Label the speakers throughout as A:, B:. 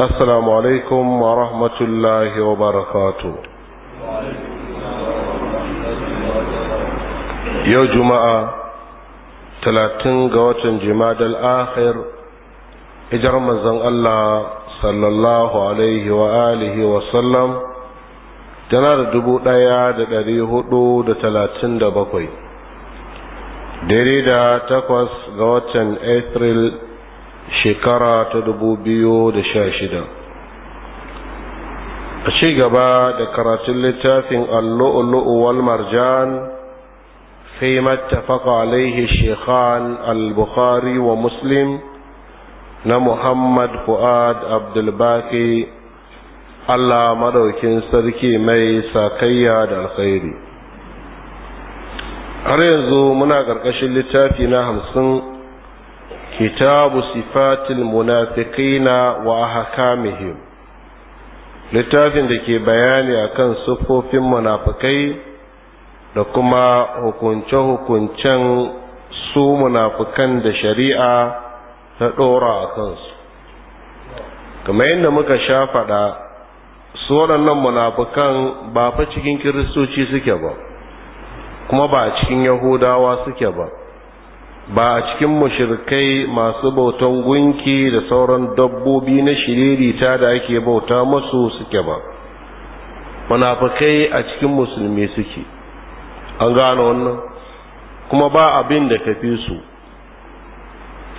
A: السلام عليكم ورحمة الله وبركاته يا جماعة تلاتين قوات جماد الآخر اجرم مزن الله صلى الله عليه وآله وسلم تنار دبو دايا دادي هدو دا ثلاثين دا بقوي ديري دا تقوس قوات أثريل shekara ta dubu biyu da sha shida a ci gaba da karatun littafin allu'ulu'u wal marjan fi mattafaqa alaihi shekhan al-bukhari wa muslim na muhammad fu'ad abdulbaki allah madaukin sarki mai sakayya da alkhairi har yanzu muna ƙarƙashin littafi na hamsin kitabu sifatil na wa littafin da ke bayani akan siffofin munafukai da kuma hukunce-hukuncen su munafukan da shari'a ta ɗora a kansu kamar yadda muka sha faɗa su waɗannan munafukan ba fa cikin kiristoci suke ba kuma ba cikin yahudawa suke ba ba a cikin mushrikai masu bautan gunki da sauran dabbobi na shiririta da ake bauta masu suke ba manafakai a cikin musulmi suke an gano wannan kuma ba abin da fi su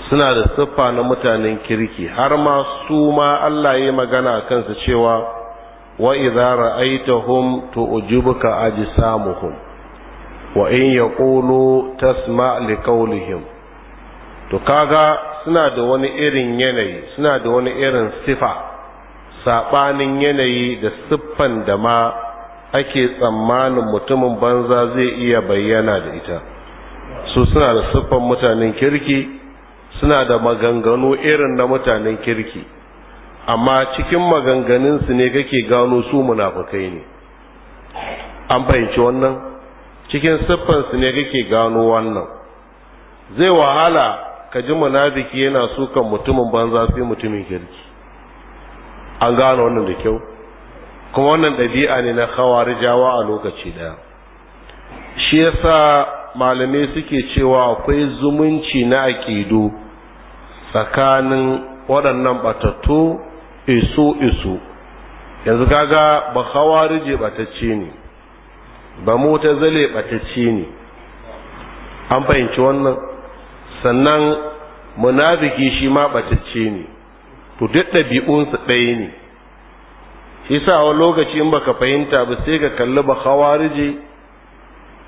A: suna da siffa na mutanen kirki har ma su ma Allah ya magana kansu cewa wa idza ujubuka tu'jibuka ajsamuhum wa in yaqulu tasma li qawlihim to kaga suna da wani irin yanayi suna da wani irin sifa sabanin yanayi da siffan da ma ake tsammanin mutumin banza zai iya bayyana da ita su suna da siffan mutanen kirki suna da maganganu irin na mutanen kirki amma cikin maganganunsu ne kake gano su munafukai ne an fahimci wannan cikin siffansu ne kake gano wannan zai wahala ka ji munafiki yana sukan mutumin banza sai mutumin kirki an gano wannan da kyau kuma wannan ɗabi'a ne na khawarijawa a lokaci ɗaya shi yasa malamai suke cewa akwai zumunci na aƙidu tsakanin waɗannan batattu isu isu yanzu kaga ba khawarije batacce ne ba mota zale batacce ne an fahimci wannan sannan munafiki shi ma batacce ne to duk ɗabi'unsu ɗaya ne shi sa lokaci in baka fahimta ba sai ka kalli ba hawarije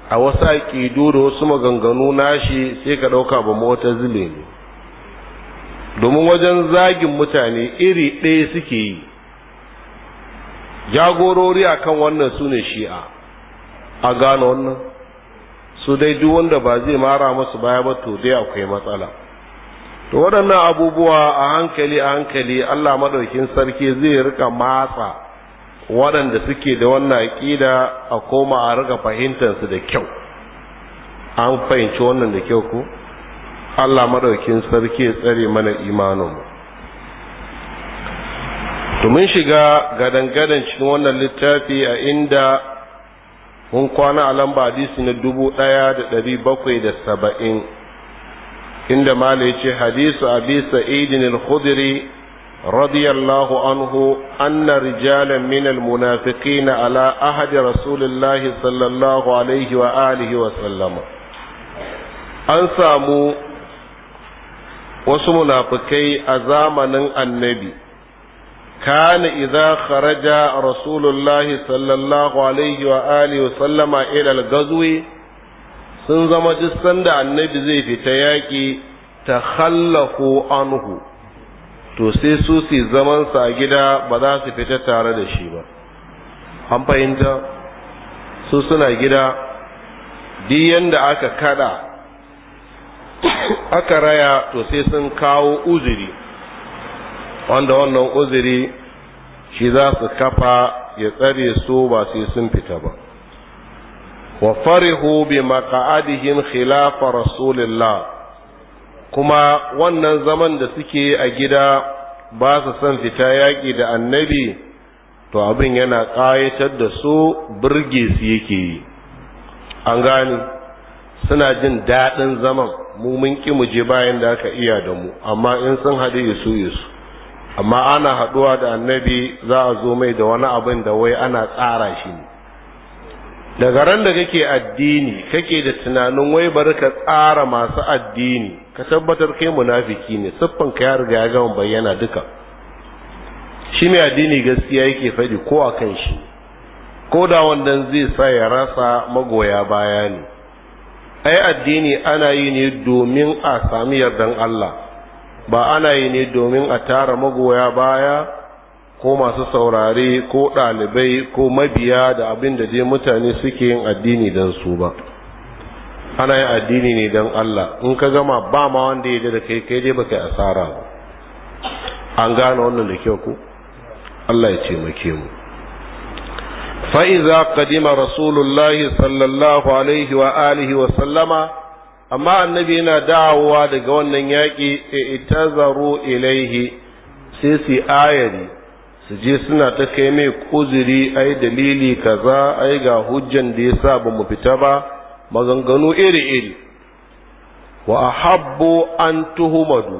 A: a wasu aƙidu da wasu maganganu nashi sai ka ɗauka ba mota zile ne domin wajen zagin mutane iri ɗaya suke yi jagorori akan wannan su ne shi'a a gano wannan su dai duk wanda ba zai mara masu baya ba to dai akwai matsala to waɗannan abubuwa a hankali a hankali Allah madaukin sarki zai rika matsa waɗanda suke da wannan aƙida a koma a rika fahimtarsu da kyau an fahimci wannan da kyau ko Allah madaukin sarki tsare mana imaninmu to mun shiga gadan-gadan cikin wannan littafi a inda mun kwana a lamba hadisi na dubu ɗaya da ɗari bakwai da saba'in inda mala ce hadisu abi sa'idin al-khudri radiyallahu anhu anna rijalan min al-munafiqina ala ahadi rasulillahi sallallahu alaihi wa alihi wa sallama an samu wasu munafikai a zamanin annabi kana idza kharaja rasulullahi sallallahu alaihi wa alihi wa sallama ila al-ghazwi sun zama duk sanda annabi zai fita yaƙi ta takhallahu anhu to sai su su zamansa a gida ba za su fita tare da shi ba an fahimta su suna gida duk yadda aka kada aka raya to sai sun kawo uzuri wanda wannan uzuri shi za su kafa ya tsare su ba sai sun fita ba wa farihu bi maqa'adihim khilafa rasulillah kuma wannan zaman da suke a gida ba su son fita yaƙi da annabi to abin yana ƙayatar da su birge su yake yi an gani suna jin daɗin zaman mu mun ƙi mu je bayan da aka iya da mu amma in sun haɗu ya su ya amma ana haɗuwa da annabi za a zo mai da wani abin da wai ana tsara shi ne daga ran da kake addini kake da tunanin wai bari ka tsara masu addini ka tabbatar kai munafiki ne siffan ka ya riga ya gama bayyana duka shi mai addini gaskiya yake faɗi ko a kan shi ko da wanda zai sa ya rasa magoya baya ne ai addini ana yi ne domin a sami yardan Allah ba ana yi ne domin a tara magoya baya ko masu saurare ko ɗalibai ko mabiya da abin da dai mutane suke yin addini don su ba ana yin addini ne don Allah in ka gama ba ma wanda ya da kai kai dai kai asara ba an gane wannan da kyau ko Allah ya taimake mu fa iza qadima rasulullahi sallallahu alaihi wa alihi wa sallama amma annabi yana da'awa daga wannan yaki, e itazaru ilaihi sai su ayari su je suna ta kai mai kuziri ai dalili kaza ai ga hujjan da ya sa ba mu fita ba maganganu iri iri wa ahabbu an tuhumadu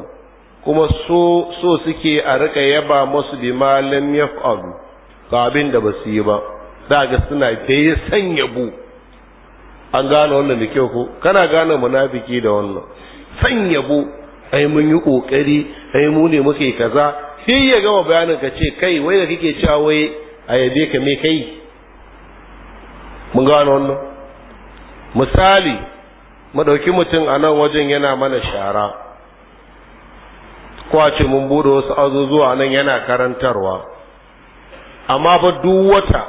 A: kuma so so suke a rika yaba musu bi malam yaf'alu ga abin da ba su yi ba za ga suna kai ya sanya bu. an gane wannan da kyau ko kana gane munafiki da wannan san yabo ai mun yi kokari ai mu ne muke kaza sai ya gama bayanin ka ce kai wai da kike cewa wai a yabe ka me kai mun gane wannan misali mu ɗauki mutum a nan wajen yana mana shara ko a ce mun bude wasu azuzuwa nan yana karantarwa amma fa duk wata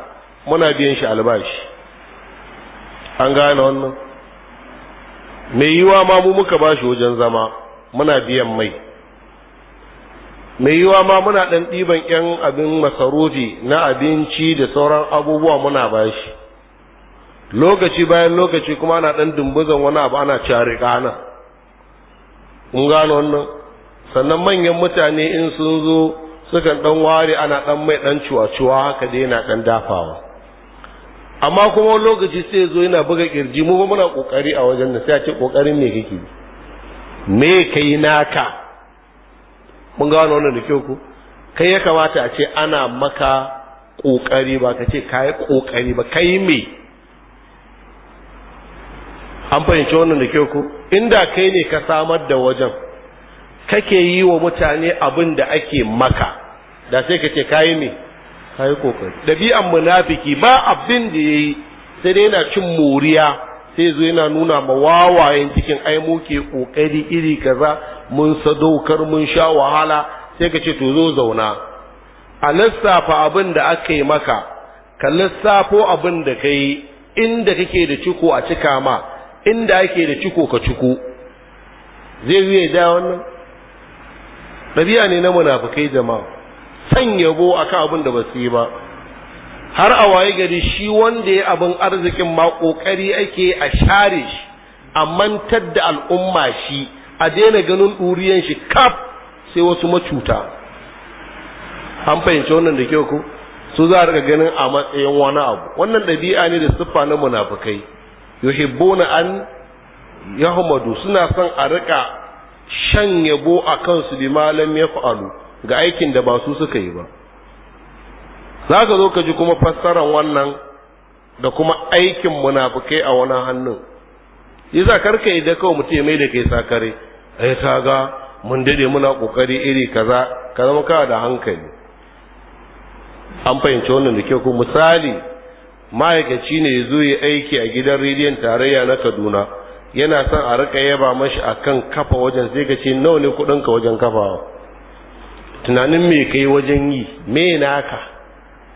A: muna biyan shi albashi an gane wannan mai yiwa ma mu muka ba shi wajen zama muna biyan mai mai yiwa ma muna ɗan ɗiban ƴan abin masarufi na abinci da sauran abubuwa muna ba shi lokaci bayan lokaci kuma ana ɗan dumbuzan wani abu ana cari ƙana in gane wannan sannan manyan mutane in sun zo sukan ɗan ware ana ɗan mai ɗan cuwa-cuwa haka dai yana ɗan dafawa amma kuma wani lokaci sai zo yana buga kirji mu ba muna kokari a wajen da sai a ce kokarin me kake me kai naka mun ga wannan da kyau ku kai ya kamata a ce ana maka kokari ba ka ce kai kokari ba kai me an fahimci wannan da kyau ku inda kai ne ka samar da wajen kake yi wa mutane abin da ake maka da sai ka ce kai me kai kokari dabi'an munafiki ba abin da yayi sai dai yana cin moriya sai zo yana nuna ma wawayen cikin ai ke kokari iri kaza mun sadaukar mun sha wahala sai ka ce to zo zauna a lissafa abin da aka yi maka ka lissafo abin da ka yi inda kake da ciko a cika ma inda ake da ciko ka ciko zai zuwa da wannan ɗabi'a ne na munafukai jama'a son yabo akan abin da ba su yi ba har a waye gari shi wanda ya abin arzikin ma kokari ake a share shi a mantar da al'umma shi a daina ganin ɗuriyan shi kaf sai wasu macuta an fahimci wannan da kyau ko su za a ganin a matsayin wani abu wannan ɗabi'a ne da siffa na munafukai na an yahmadu suna son a riƙa shan yabo a kansu bi malam ya fa'alu ga aikin da ba su suka yi ba za ka zo ka ji kuma fassarar wannan da kuma aikin munafukai a wani hannun iza karka yi da kawai mutum mai da kai sakare ai ga mun dade muna kokari iri kaza ka zama kawo da hankali an fahimci wannan da kyau ku. misali ma'aikaci ne ya zo ya aiki a gidan rediyon tarayya na kaduna yana son a rika yaba mashi kan kafa wajen sai ka ce nawa ne kuɗinka wajen kafawa tunanin me kai wajen yi me naka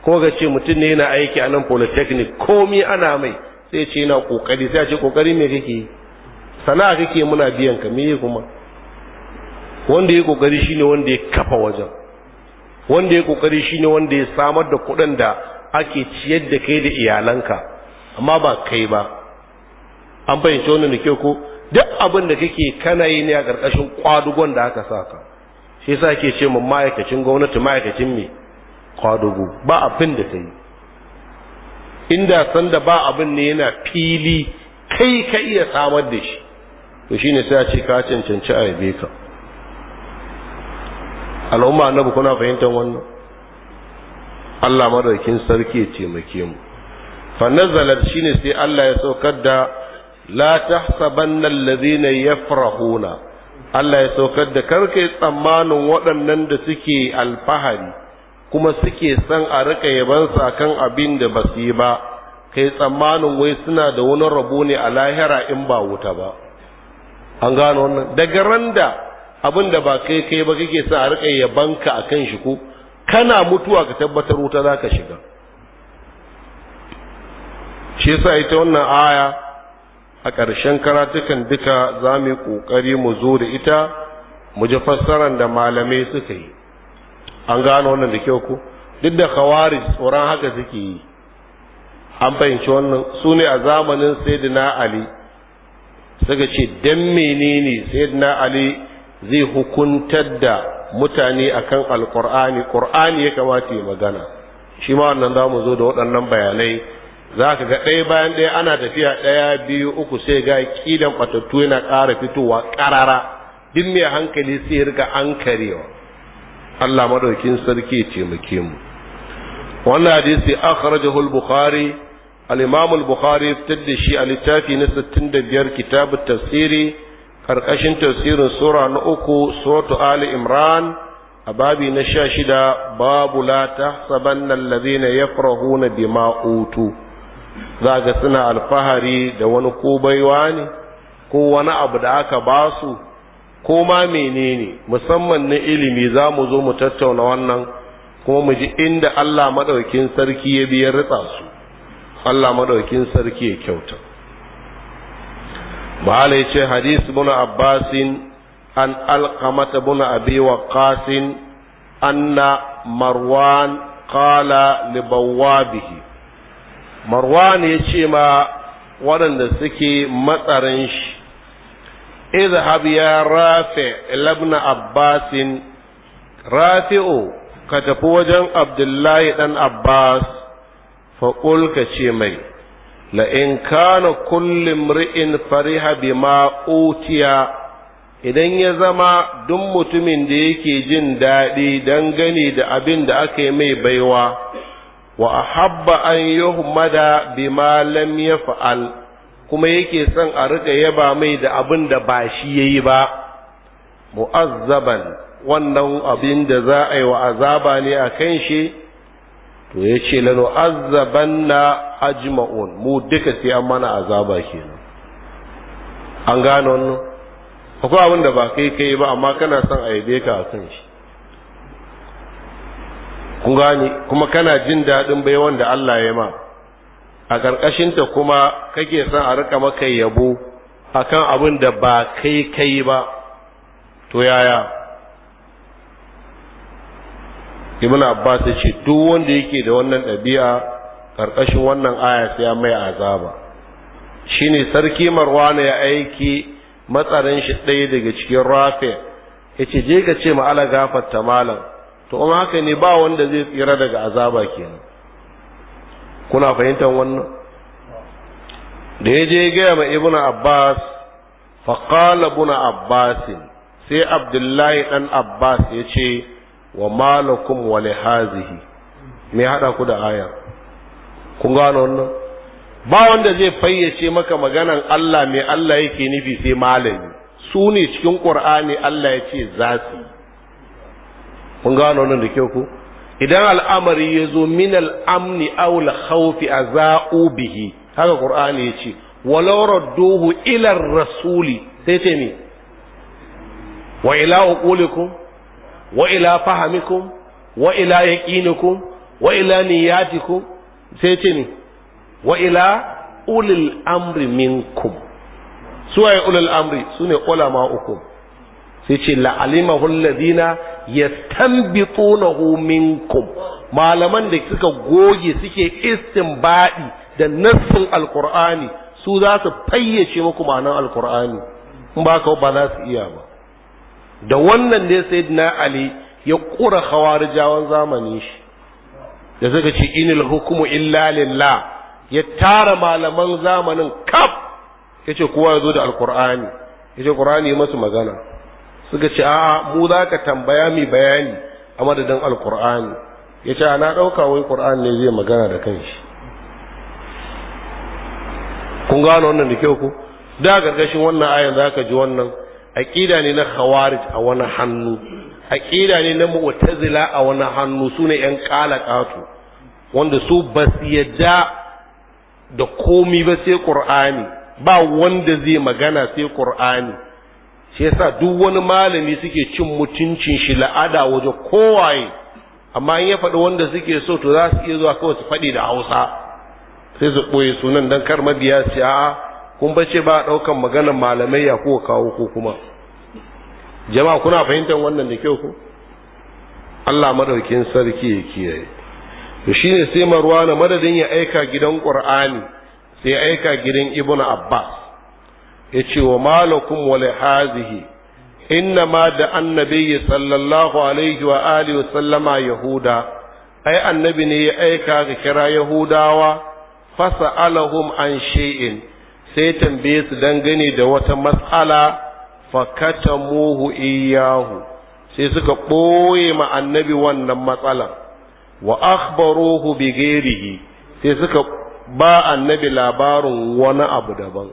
A: ko ga ce mutum ne yana aiki a nan polytechnic komi ana mai sai ce yana kokari sai ce kokari me kake sana'a kake muna biyan ka me kuma wanda ya kokari shine wanda ya kafa wajen wanda ya kokari shine wanda ya samar da kuɗin da ake ciyar da kai da iyalanka amma ba kai ba an fahimci wannan da kyau ko duk abin da kake kana yi ne a ƙarƙashin kwadugon da aka saka shi yasa ake ce mun ma'aikacin gwamnati ma'aikacin me kwadugu ba abin da ta yi inda sanda ba abin ne yana fili kai ka iya samar da shi to shine sai a ce ka cancanci a yabe ka al'umma annabi kuna fahimtar wannan Allah madaukin sarki ya taimake mu fa nazalat shine sai Allah ya saukar da la tahsabanna alladhina yafrahuna Allah ya saukar da karkai tsammanin waɗannan da suke alfahari kuma suke son a rika yabansa kan abin da ba su yi ba kai tsammanin wai suna da wani rabo ne a lahira in ba wuta ba an gano wannan daga randa abin da ba kai kai ba kake sa a rika ka akan shi ko kana mutuwa ka tabbatar wuta za ka shiga shi yasa ita wannan aya a ƙarshen karatukan duka za mu yi ƙoƙari mu zo da ita mu ji fassarar da malamai suka yi an gano wannan da kyau ku duk da khawarij tsoron haka suke yi an fahimci wannan su ne a zamanin sayyidina ali suka ce dan menene sayyidina ali zai hukuntar da mutane akan alqur'ani qur'ani ya kamata ya magana shi ma wannan za mu zo da waɗannan bayanai za ka ga ɗaya bayan ɗaya ana tafiya ɗaya biyu uku sai ga ƙidan ƙwatattu yana ƙara fitowa ƙarara duk mai hankali sai ya rika an karewa Allah madaukin sarki ya taimake mu wannan hadisi akhrajahu al-bukhari al-imam al-bukhari fitar da shi a littafi na biyar, kitab tafsiri karkashin tafsirin sura na uku suratu ali imran a babi na shida babu la tahsabanna alladhina yafrahuna bima utu za ga suna alfahari da wani ko baiwa ne ko wani abu da aka ba su ko ma menene musamman na ilimi za mu zo mu tattauna wannan kuma mu ji inda Allah madaukin sarki ya biyar ritsa su Allah madaukin sarki ya kyauta mahala ya ce hadis bin abbasin an alqamata bin abi waqasin anna marwan qala li bawabihi marwan ya ce ma waɗanda suke matsarin shi izhab ya rafi labna abbasin rafi'u ka tafi wajen abdullahi ɗan abbas faƙul ka ce mai la'in kana kullum ri'in fariha bima utiya idan ya zama duk mutumin da yake jin daɗi dangane da abin da aka yi mai baiwa wa ahabba an yuhmada bima lam yaf'al kuma yake son a riƙa yaba mai da abin da ba shi yayi ba mu'azzaban wannan abin da za a yi wa azaba ne a kan shi to ya ce lano na ajma'un mu duka sai an mana azaba kenan an gano wannan akwai abin da ba kai kai ba amma kana son a yabe ka a kan shi kun gani kuma kana jin daɗin bai da Allah ya ma a ƙarƙashinta kuma kake son a rika maka yabo akan abin da ba kai kai ba to yaya ibn abbas ya ce duk wanda yake da wannan ɗabi'a ƙarƙashin wannan aya sai ya mai azaba shine sarki marwana ya aiki matsarin shi ɗaya daga cikin rafi ya ce je ka ce ma'ala gafarta malam to kuma haka ne ba wanda zai tsira daga azaba kenan kuna fahimtar wannan da ya je gaya ma ibn abbas qala ibn abbas sai abdullahi dan abbas ya ce wa malakum wa lihazihi me hada ku da aya? kun gano wannan ba wanda zai fayyace maka maganan Allah mai Allah yake nufi sai malami su ne cikin Qur'ani Allah ya ce za su kun gano wannan da kyau ku idan al'amari ya zo min al'amni aw khawfi aza'u bihi haka qur'ani ya ce walau radduhu ila rasuli sai ce ni, wa ila uqulikum wa ila fahamikum wa ila yaqinikum wa ila niyatikum sai ce ni, wa ila ulil amri minkum suwaye ulil amri sune ulama ukum sai ce ya ya yastanbitunahu minkum malaman da suka goge suke baɗi da nassin alƙur'ani su za su fayyace muku ma'anar alkur'ani in ba ba za su iya ba da wannan ne sayyidina ali ya kura jawon zamanin shi da suka ce inil hukumu illa lillah ya tara malaman zamanin kaf yace kowa ya zo da alqur'ani yace qur'ani masu magana suka ce a mu za ka tambaya mai bayani a madadin alkur'ani ya ce ana ɗauka wai ƙur'ani ne zai magana da kanshi kun gano wannan da kyau ku da gargashin wannan ayan za ka ji wannan aƙida ne na khawarij a wani hannu aƙida ne na mu'tazila a wani hannu su ne ‘yan ƙalaƙatu wanda su ba su yadda da komi ba sai ƙur'ani ba wanda zai magana sai ƙur'ani shi yasa duk wani malami suke cin mutuncin shi la'ada waje kowaye amma in ya faɗi wanda suke so to za su iya zuwa kawai su faɗi da hausa sai su ɓoye sunan don kar mabiya su a kun bace ba ɗaukan maganar malamai ya kuwa kawo ko kuma jama'a kuna fahimtar wannan da kyau ko Allah madaukin sarki ya kiyaye to shine sai Marwana madadin ya aika gidan Qur'ani sai aika gidan Ibn Abbas ya ce wa malakum wa lihazihi inna ma da annabi sallallahu alaihi wa alihi wa sallama yahuda ai annabi ne ya aika ga kira yahudawa fasa alahum an shay'in sai tambaye su dangane da wata mas'ala fakatamuhu iyahu sai suka ɓoye ma annabi wannan matsalan wa akhbaruhu bi sai suka ba annabi labarin wani abu daban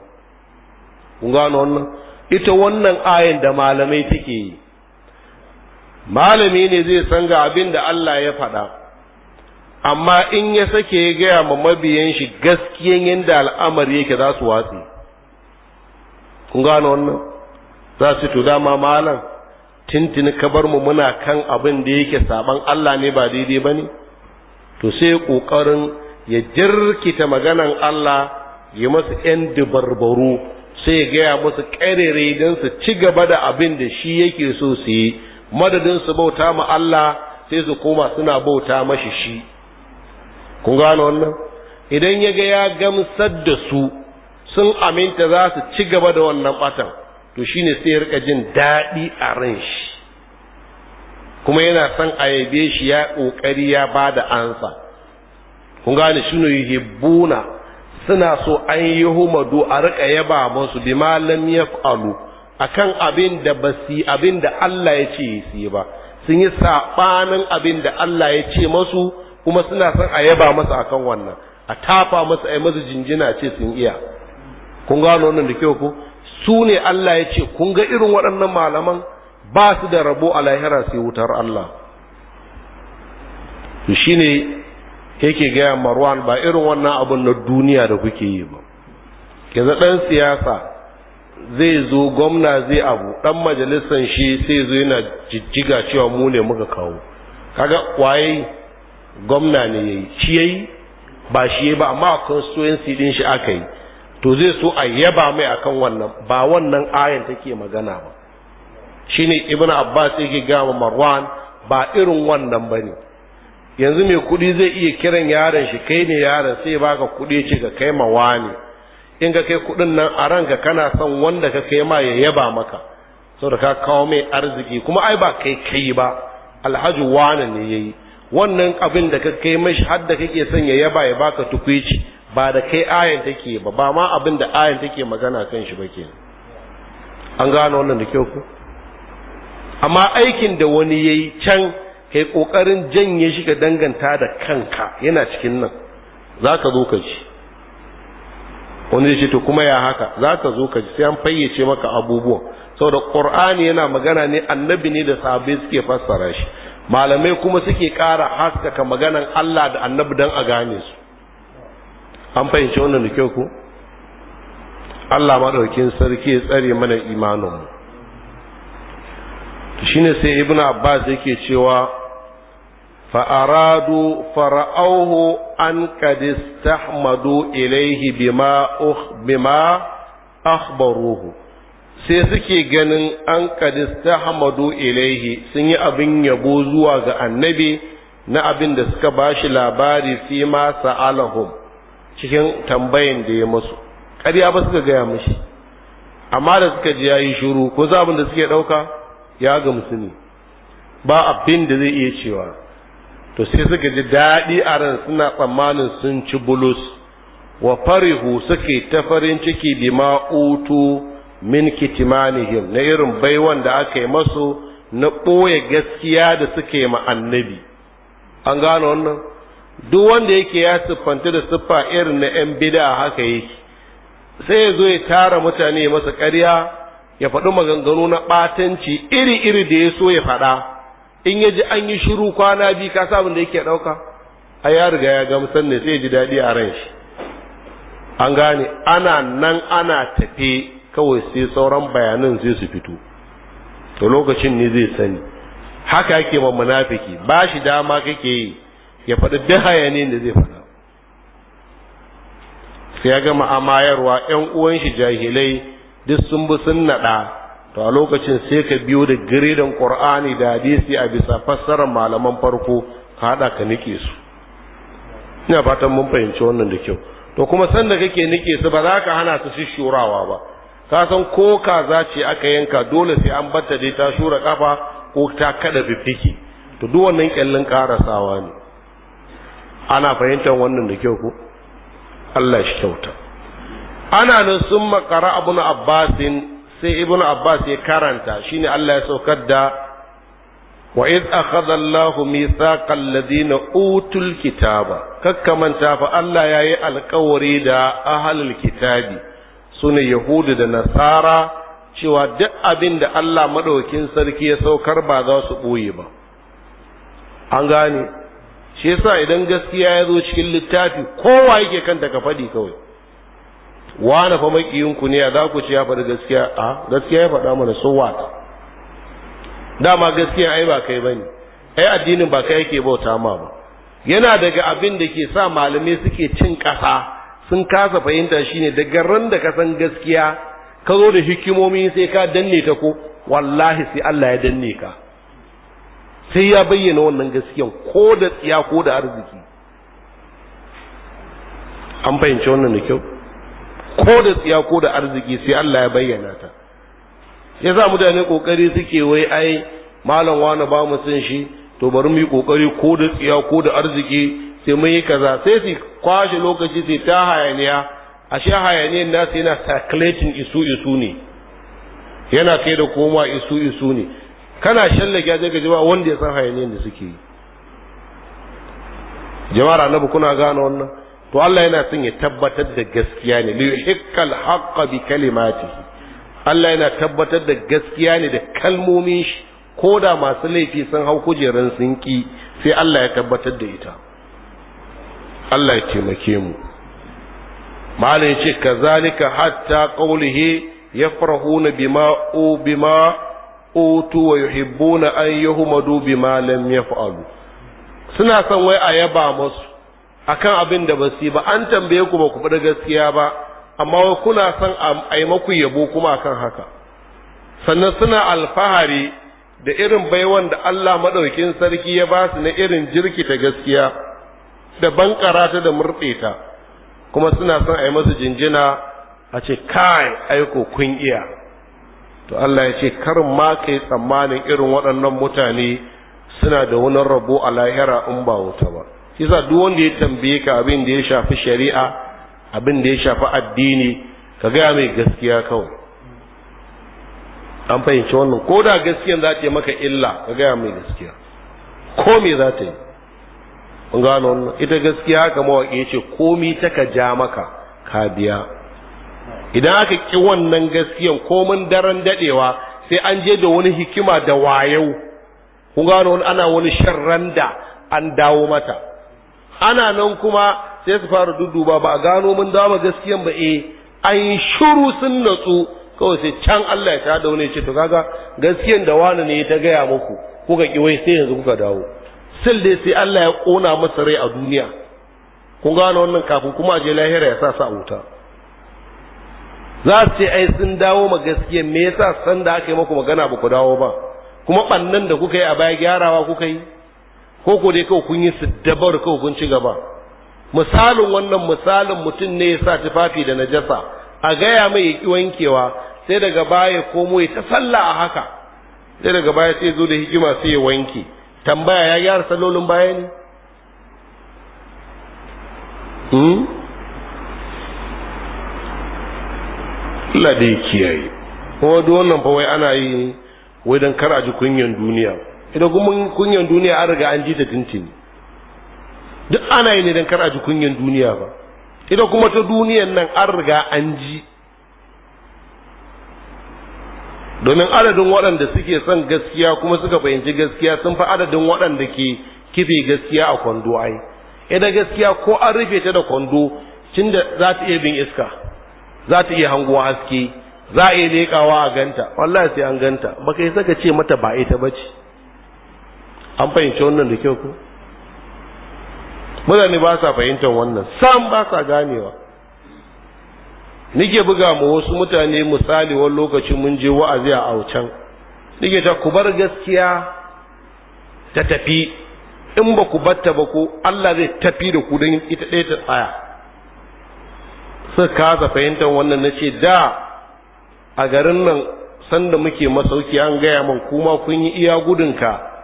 A: kun gano wannan ita wannan ayan da malamai take yi malami ne zai san ga abin da Allah ya faɗa amma in ya sake ya gaya ma mabiyan shi gaskiyan yadda al'amari yake za su watsi kun gano wannan za su to dama malam tintini ka mu muna kan abin da yake saban Allah ne ba daidai ba ne to sai ƙoƙarin ya jirkita maganan Allah ya masu ‘yan dubarbaru sai ya gaya musu ƙarere don su ci gaba da abin da shi yake so su yi madadin su bauta ma Allah sai su koma suna bauta mashi shi kun gano wannan idan ya ga ya gamsar da su sun aminta za su ci gaba da wannan batan to shine sai rika jin daɗi a ran shi kuma yana son a shi ya ƙoƙari ya bada ansa kun gane shi ne buna. suna so an yi humadu a riƙa yaba musu bi malam yaf'alu akan abin da basi abin da Allah ya ce su yi ba sun yi sabanin abin da Allah ya ce masu kuma suna son a yaba masa akan wannan a tafa masa ai masa jinjina ce sun iya kun gano wannan da kyau ko su ne Allah ya ce kun ga irin waɗannan malaman ba su da rabo a lahira sai wutar Allah to ne. yake gaya marwan ba irin wannan abun na duniya da kuke yi ba yanzu ɗan siyasa zai zo gwamna zai abu ɗan majalisar shi sai zo yana jijjiga cewa mu ne muka kawo kaga waye gwamna ne yayi shi yayi ba shi yayi ba amma constituency din shi aka yi to zai so a yaba mai akan wannan ba wannan ayan take magana ba shine ibnu abbas yake ga marwan ba irin wannan bane yanzu mai kuɗi zai iya kiran yaron shi kai ne yaron sai baka kuɗi ce ka kai ma wani in ka kai kuɗin nan a ranka kana son wanda ka kai ma ya yaba maka saboda ka kawo mai arziki kuma ai ba kai kai ba alhaji wani ne yayi wannan abin da ka kai mashi har da kake son ya yaba ya baka tukwici ba da kai ayan take ba ba ma abin da ayan take magana kan shi ba ke an gano wannan da kyau ku amma aikin da wani yayi can kai kokarin janye shi ka danganta da kanka yana cikin nan Za ka zo ka ji wani zai ce to kuma ya haka za ka zo ka ji sai an fayyace maka abubuwan saboda Ƙur'ani yana magana ne annabi ne da sahabbai suke fassara shi malamai kuma suke ƙara haskaka maganan Allah da annabi don a gane su an fahimci wannan da kyau ko Allah maɗaukin sarki ya tsare mana imaninmu shi ne sai ibn abbas yake cewa Fa'aradu فرأوه أن قد استحمدوا إليه sai suke ganin an kadista ilaihi sun yi abin yabo zuwa ga annabi na abin da suka ba shi labari fi ma sa'alahum cikin tambayin da ya masu ƙarya ba suka gaya mashi amma da suka ji ya yi shuru za abin da suke ɗauka ya ga musu ba abin da zai iya cewa to sai suka ji daɗi a ran suna tsammanin sun ci bulus wa farihu suke ta farin ciki bi utu min kitimanihim na irin baiwan da aka yi masu na ɓoye gaskiya da suke ma annabi an gano wannan duk wanda yake ya siffanta da siffa irin na 'yan bida haka yake sai ya zo ya tara mutane masa ƙarya ya faɗi maganganu na ɓatanci iri-iri da ya so ya faɗa in ya ji an yi shiru kwana biyu ka da yake ɗauka a ya riga ya gamsar ne sai ya ji daɗi a ran shi an gane ana nan ana tafe kawai sai sauran bayanan sai su fito to lokacin ne zai sani haka yake ma munafiki ba shi dama kake yi ya faɗi duk hayanin da zai faɗa sai ya gama amayarwa ƴan uwan shi jahilai duk sun bi sun naɗa to a lokacin sai ka biyo da giredin qur'ani da hadisi a bisa fassarar malaman farko ka hada ka nike su ina fatan mun fahimci wannan da kyau to kuma sanda kake nike su ba za ka hana su shurawa ba ka san ko kaza ce aka yanka dole sai an batta dai ta shura kafa ko ta kada fiffike to duk wannan kyallin karasawa ne ana fahimtar wannan da kyau ko Allah shi kyauta ana nan sun makara abun abbasin sai ibnu abbas ya karanta shine Allah ya saukar da wa id akhadha Allahu mithaqal ladina utul kitaba kakkamanta fa Allah yayi alƙawari da ahlul kitabi sune yahudu da nasara cewa duk abin da Allah madaukin sarki ya saukar ba za su boye ba an gane shi yasa idan gaskiya ya zo cikin littafi kowa yake kanta ka faɗi kawai na fa makiyinku ne za ku ci ya faɗi gaskiya a gaskiya ya faɗa mana so what dama gaskiya ai ba kai bane ai addinin ba kai yake bauta ma ba yana daga abin da ke sa malamai suke cin ƙasa sun kasa fahimta shine daga ran da ka san gaskiya ka zo da hikimomi sai ka danne ta ko wallahi sai Allah ya danne ka sai ya bayyana wannan gaskiyan ko da tsiya ko da arziki an fahimci wannan da kyau ko da tsiya ko da arziki sai Allah ya bayyana ta ya sa mutane kokari suke wai ai malam wani ba mu san shi to bari mu yi kokari ko da tsiya ko da arziki sai mun yi kaza sai su kwashe lokaci sai ta hayaniya ashe na nasu yana circulating isu isu ne yana kai da koma isu isu ne kana shallake ya je ka jama'a wanda ya san hayaniyan da suke yi jama'ar annabi kuna gane wannan to Allah yana son ya tabbatar da gaskiya ne li yuhiqqal bi kalimatihi Allah yana tabbatar da gaskiya ne da kalmomin shi ko masu laifi sun hau kujerun sun ki sai Allah ya tabbatar da ita Allah ya taimake mu malai ce kazalika hatta qawlihi yafrahuna bima u bima utu wa yuhibbuna an yuhmadu bima lam yaf'alu suna son wai a yaba musu akan abin da ba su ba an tambaye ku ba ku faɗi gaskiya ba amma kuna son a yi maku yabo kuma akan haka sannan suna alfahari da irin baiwan da Allah maɗaukin sarki ya ba su na irin jirki ta gaskiya da bankara ta da murɗe kuma suna son a yi masu jinjina a ce kai aiko kun iya to Allah ya ce kar ma kai tsammanin irin waɗannan mutane suna da wani rabo a lahira in ba wuta ba yasa duk wanda ya tambaye ka abin da ya shafi shari'a abin da ya shafi addini ka gaya mai gaskiya kawai an fahimci wannan ko da gaskiyan za ta yi maka illa ka gaya mai gaskiya ko me za ta yi kun gano wannan ita gaskiya haka mawaƙi ya ce komi ta ka ja maka ka biya idan aka ki wannan gaskiyan komin daren dadewa sai an je da wani hikima da wayau kun gano wani ana wani sharranda an dawo mata ana nan kuma sai su fara dudduba ba a gano mun dama gaskiyan ba eh an shuru sun natsu kawai sai can Allah ya tada wani ce to kaga gaskiyan da wani ne ta gaya muku kuka kiwai sai yanzu kuka dawo sil dai sai Allah ya kona masa rai a duniya kun gano wannan kafin kuma je lahira ya sa sa wuta za su ce ai sun dawo ma gaskiya me yasa san da aka yi muku magana ba ku dawo ba kuma bannan da kuka yi a baya gyarawa kuka yi ko ko dai kawai kun yi siddabar kawai kun ci gaba misalin wannan misalin mutum ne ya sa tufafi da najasa a gaya mai ya ki wankewa sai daga baya komo ya ta sallah a haka sai daga baya sai zo da hikima sai ya wanke tambaya ya gyara salolin baya ne hmm? Allah da ya kiyaye ko wannan fa wai ana yi wai don kar a ji kunyan duniya idan kuma kunyan duniya an riga an ji da tintini duk ana yi ne don kar a ji kunyan duniya ba ita kuma ta duniyan nan an riga an ji domin adadin waɗanda suke son gaskiya kuma suka fahimci gaskiya sun fi adadin waɗanda ke kife gaskiya a kwando ai idan gaskiya ko an rufe ta da kwando cin da za ta iya bin iska za ta iya hango haske za a iya leƙawa a ganta wallahi sai an ganta baka yi saka ce mata ba ita ba ce an fahimci wannan da kyau ko mutane ba sa fahimtar wannan sam ba sa ganewa nike buga mu wasu mutane misali wani lokacin mun je wa'azi a aucan nike ta ku bar gaskiya ta tafi in ba ku batta ba ko Allah zai tafi da ku don ita ɗaya ta tsaya suka kasa fahimtar wannan na ce da a garin nan sanda muke masauki an gaya man kuma kun yi iya gudunka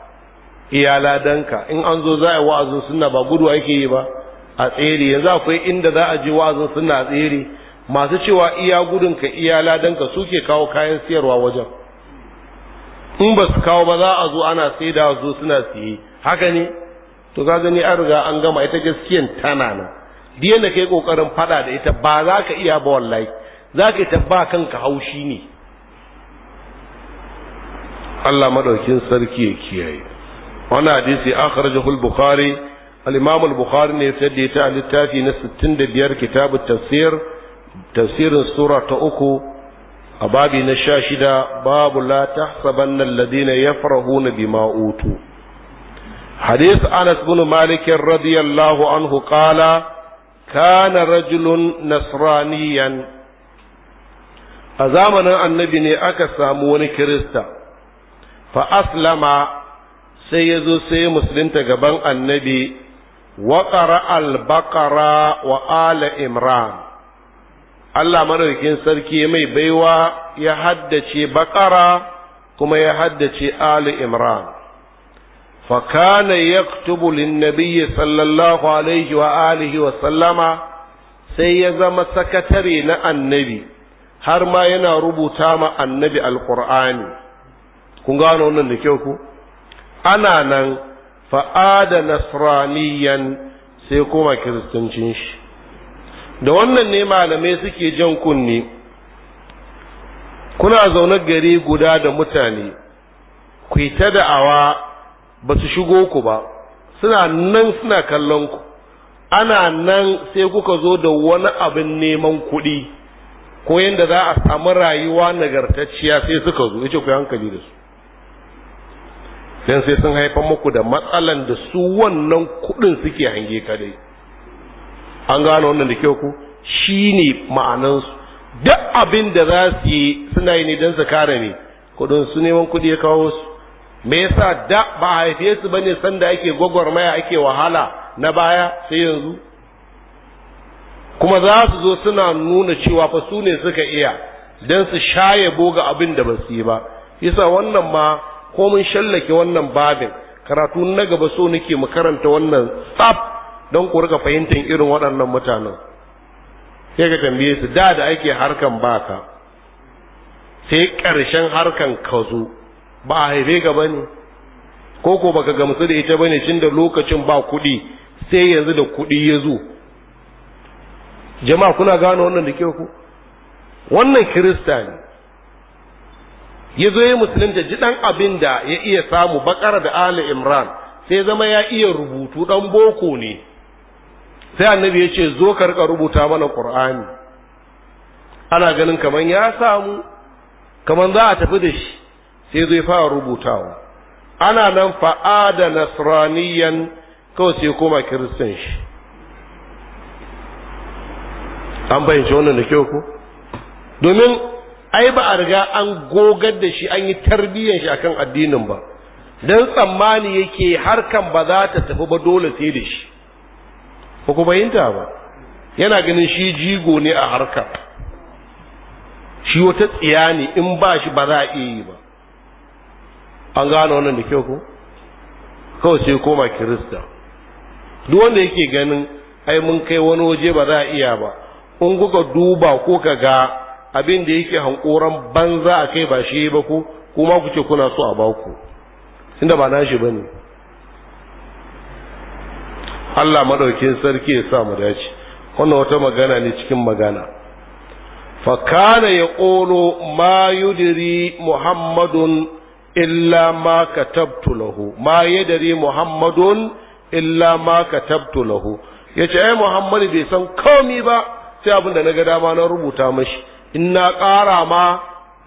A: iyala danka in an zo za a yi wa'azin sunna ba gudu ake yi ba a tsere yanzu akwai inda za a je wa'azin sunna a tsere masu cewa iya gudun ka iya ladanka suke kawo kayan siyarwa wajen in ba su kawo ba za a zo ana sai da zo suna siye haka ne to ka gani an riga an gama ita gaskiyan tana nan diyan da kai kokarin fada da ita ba za ka iya ba wallahi za ka ta ba kanka haushi ne Allah madaukin sarki ya kiyaye wani hadisi akhrajahu al-bukhari al-imam al-bukhari ne sai da ta littafi na 65 kitab tafsir tafsirin sura ta uku a babi na sha shida babu la tahsabanna alladhina yafrahuna bima utu حديث أنس بن مالك رضي الله عنه قال كان رجل نصرانيا أزامنا النبي أكسام ونكريستا فأسلم sai ya zo sai musulunta gaban annabi wa al-baqara wa ala imran Allah madaukakin sarki mai baiwa ya haddace baqara kuma ya haddace ala imran fa kana yaktubu lin-nabiy sallallahu alaihi wa alihi wa sallama sai ya zama sakatare na annabi har ma yana rubuta ma annabi alqur'ani kun gano wannan da kyau ko ana nan fa'ada nasraniyan sai kuma kiristancin shi da wannan ne malamai suke jan kunne kuna zaune gari guda da mutane ku yi ta da'awa ba su shigo ku ba suna nan suna kallon ku ana nan sai kuka zo da wani abin neman kuɗi ko yadda za a samu rayuwa nagartacciya sai suka zo ya ce ku hankali da su dan sai sun haifar muku da matsalan da su wannan kudin suke hange kadai an gano wannan da kyau ku shine ma'anansu duk abin da za su yi suna yi ne don su kare ne kudin su neman kudi ya kawo su me yasa da ba a haife su bane sanda ake gwagwarmaya ake wahala na baya sai yanzu kuma za su zo suna nuna cewa fa su ne suka iya don su shaye boga abin da ba su yi ba yasa wannan ma ko mun shallake wannan babin karatu na gaba so nake mu karanta wannan tsaf don ku rika fahimtar irin waɗannan mutanen sai ka tambaye su da da ake harkan baka sai ƙarshen harkan ka zo ba a haife ka bane ko ko baka gamsu da ita bane tunda da lokacin ba kuɗi sai yanzu da kuɗi ya zo jama'a kuna gane wannan da kyau ku wannan kirista ne ya zo ya da ji ɗan abin da ya iya samu baƙar da ali imran sai zama ya iya rubutu ɗan boko ne sai annabi ya ce zo ka rika rubuta mana qur'ani. ana ganin kamar ya samu kamar za a tafi da shi sai zo ya fara rubutawa ana nan da nasraniyan kawai sai koma kiristan shi an bayyance wannan da kyau ko domin ai ba a riga an gogar da shi an yi tarbiyyar shi akan addinin ba dan tsammani yake harkan ba za ta tafi ba dole sai da shi ba ku bayinta ba yana ganin shi jigo ne a harka shi wata tsiya ne in ba shi ba za a iya yi ba an gano wannan da kyau ko kawai sai koma kirista duk wanda yake ganin ai mun kai wani waje ba za a iya ba in kuka duba ko ka ga abin da yake hankoran banza a kai ba shi ba ku kuma kuke kuna so a baku inda ba nashi bane Allah madaukin sarki ya sa mu dace wannan wata magana ne cikin magana fa kana yaqulu ma yudri muhammadun illa ma katabtu lahu ma yadri muhammadun illa ma katabtu lahu yace ai muhammadu bai san komai ba sai abin da na ga dama na rubuta mashi in na ƙara ma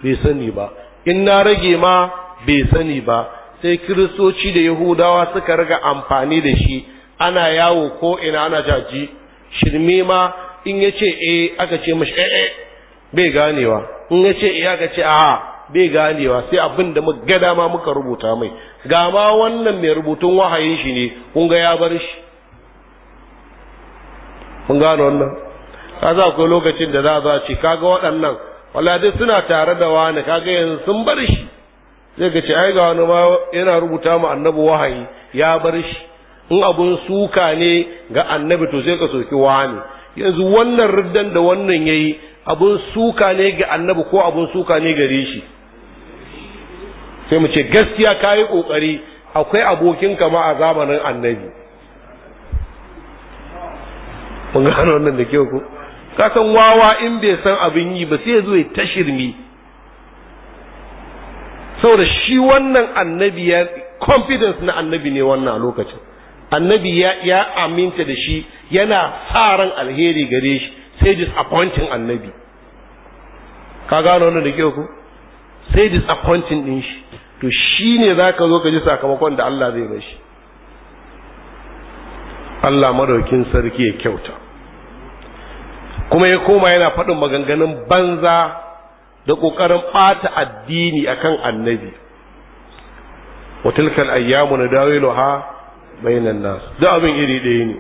A: bai sani ba in na rage ma bai sani ba sai kiristoci da yahudawa suka riga amfani da shi ana yawo ko ina ana jaji shirme ma in ya ce e aka ce mashi e bai ganewa in ya ce e aka ce a bai ganewa sai abin da muka ma muka rubuta mai ga ma wannan mai rubutun wahayin shi ne kun ya bar shi kun gano wannan kaza akwai lokacin da za a ce kaga waɗannan wala duk suna tare da wani kaga yanzu sun bar shi zai ga ce ai ga wani ma yana rubuta mu annabi wahayi ya bar shi in abun suka ne ga annabi to sai ka soki wani yanzu wannan riddan da wannan yayi abun suka ne ga annabi ko abun suka ne gare shi sai mu ce gaskiya kayi kokari akwai abokin kama a zamanin annabi mun gano wannan da kyau ko ka san wawa in bai san abin yi ba sai ya zo ya tashirmi saboda shi wannan annabi ya confidence na annabi ne wannan a lokacin annabi ya aminta da shi yana sa ran alheri gare shi sai disappointing annabi ka gano wannan da kyau ku sai disappointing din shi to shi ne za ka zo ka ji sakamakon da Allah zai bashi Allah madaukin sarki ya kyauta kuma ya koma yana faɗin maganganun banza da ƙoƙarin ɓata addini a kan annabi wa tilkal ayyamu nadawiluha nan nasu duk abin iri ɗaya ne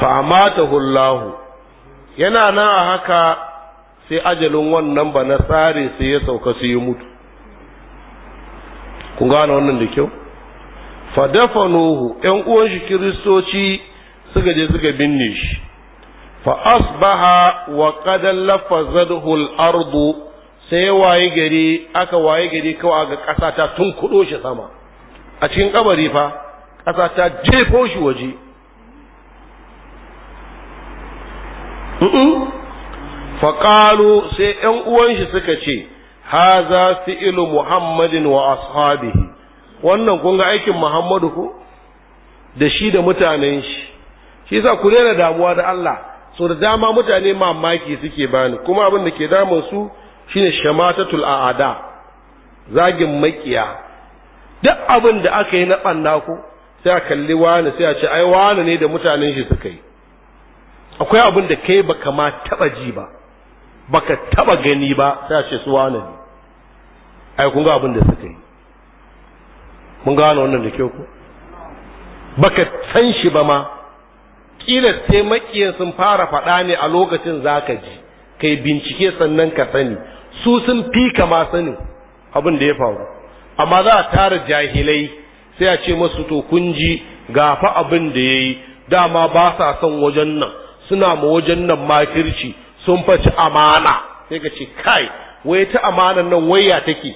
A: fa amatahu yana na a haka sai ajalin wannan ba na tsare sai ya sauka sai ya mutu kun gane wannan da kyau fa nuhu. 'Yan uwan shi kiristoci suka je suka binne shi fa asbaha wa qad lafazadhu al-ardu sai waye gari aka waye gari kawai ga ƙasa ta tunkudo shi sama a cikin kabari fa ƙasa ta jefo shi waje faƙalu sai ‘yan uwanshi suka ce, haza za fi'ilu Muhammadin wa ashabihi wannan kun ga aikin Muhammadu ko? Da shi da mutanen shi, shi sa ku daina damuwa da Allah, so da dama mutane mamaki suke bani kuma abin da ke damun su shine shamatatul aada zagin makiya duk abin da aka yi na banna ko sai a kalli wani sai a ce ai wani ne da mutanen shi suka yi akwai abin da kai baka ma taba ji ba baka taba gani ba sai a ce su wani ne ai kun ga abin da suka yi mun gane wannan da kyau ko baka san shi ba ma kila sai makiyan sun fara faɗa ne a lokacin za ka ji kai bincike sannan ka sani su sun fi kama sani abin da ya faru amma za a tara jahilai sai a ce masu to kun ji gafa abin da ya yi dama ba sa son wajen nan suna ma wajen nan makirci sun faci amana sai ka ce kai wai ta amanan nan waya take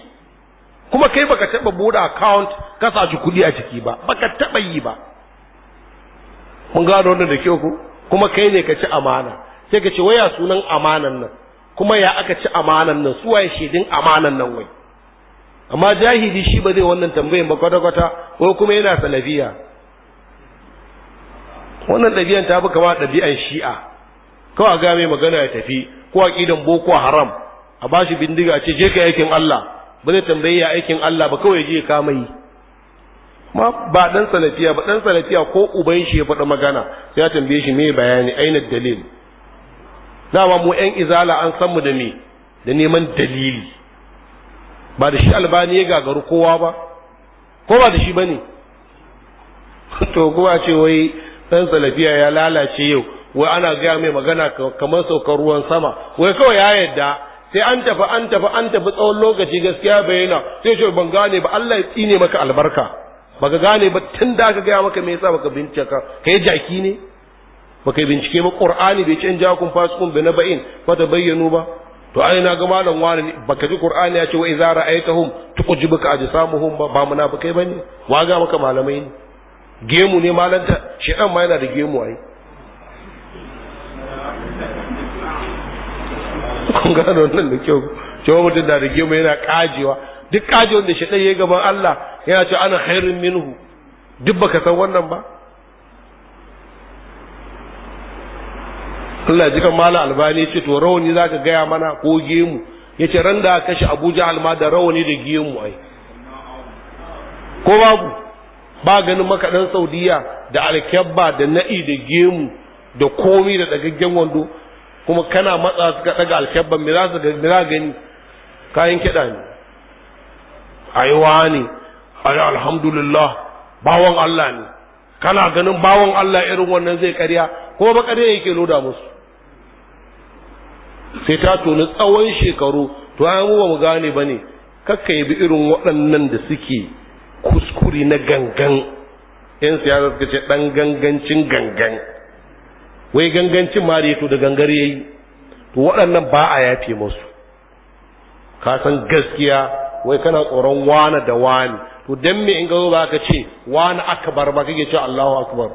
A: kuma kai baka taba buɗe account ka saci kuɗi a ciki ba baka taɓa yi ba mun gano wannan da kyau ko kuma kai ne ka ci amana sai ka ce waya sunan amanan nan kuma ya aka ci amanan nan su waye shedin amanan nan wai amma jahili shi ba zai wannan tambayin ba kwata-kwata ko kuma yana salafiya wannan ɗabi'an ta fi kama ɗabi'an shi'a kawai ga mai magana ya tafi ko aqidan boko haram a bashi bindiga ce je ka aikin Allah ba zai tambayi ya aikin Allah ba kawai je ka mai ma ba dan salafiya ba dan salafiya ko uban shi ya faɗi magana ya tambaye shi me bayani aina dalil dama mu yan izala an san mu da me da neman dalili ba da shi albani ya gagaru kowa ba ko ba da shi bane to kuma ce wai dan salafiya ya lalace yau wai ana gaya mai magana kamar saukar ruwan sama wai kawai ya yadda sai an tafi an tafi an tafi tsawon lokaci gaskiya bayyana sai ce ban gane ba Allah ya tsine maka albarka baka gane ba tun da aka gaya maka me yasa baka bincika yi jaki ne baka bincike ba qur'ani bai canja in ja kun fasikun bi ba ta bayyano ba to ai na ga malam wani baka ji qur'ani ya ce wa idza ra'aytahum tuqjibuka ajsamuhum ba ba munafikai bane wa ga maka malamai ne gemu ne malanta shedan ma yana da gemu ai kun gano nan da kyau cewa mutum da da gemu yana kajewa duk kaji wanda shi ya gaban Allah yana cewa ana hairin minhu duk baka san wannan ba Allah ji mala albani ce to rawani za ka gaya mana ko gemu ya ce ran da kashe abuja alma da rawani da gemu ai ko babu ba ganin makaɗan saudiya da alkebba da na'i da gemu da komi da ɗagaggen wando kuma kana matsa suka ɗaga alkyabban me za gani kayan kiɗa ne aiwa ne ai alhamdulillah bawan Allah ne kana ganin bawan Allah irin wannan zai karya ko ba karya yake loda musu sai ta tuni tsawon shekaru to ai mu ba mu gane bane kakka bi irin waɗannan da suke kuskure na gangan yan siyasa suka ce dan gangancin gangan wai gangancin ma da to da gangar yayi to waɗannan ba a yafe musu ka san gaskiya wai kana tsoron wani da wani to dan me in gazo ba ka ce wani akbar ba kake ce Allahu akbar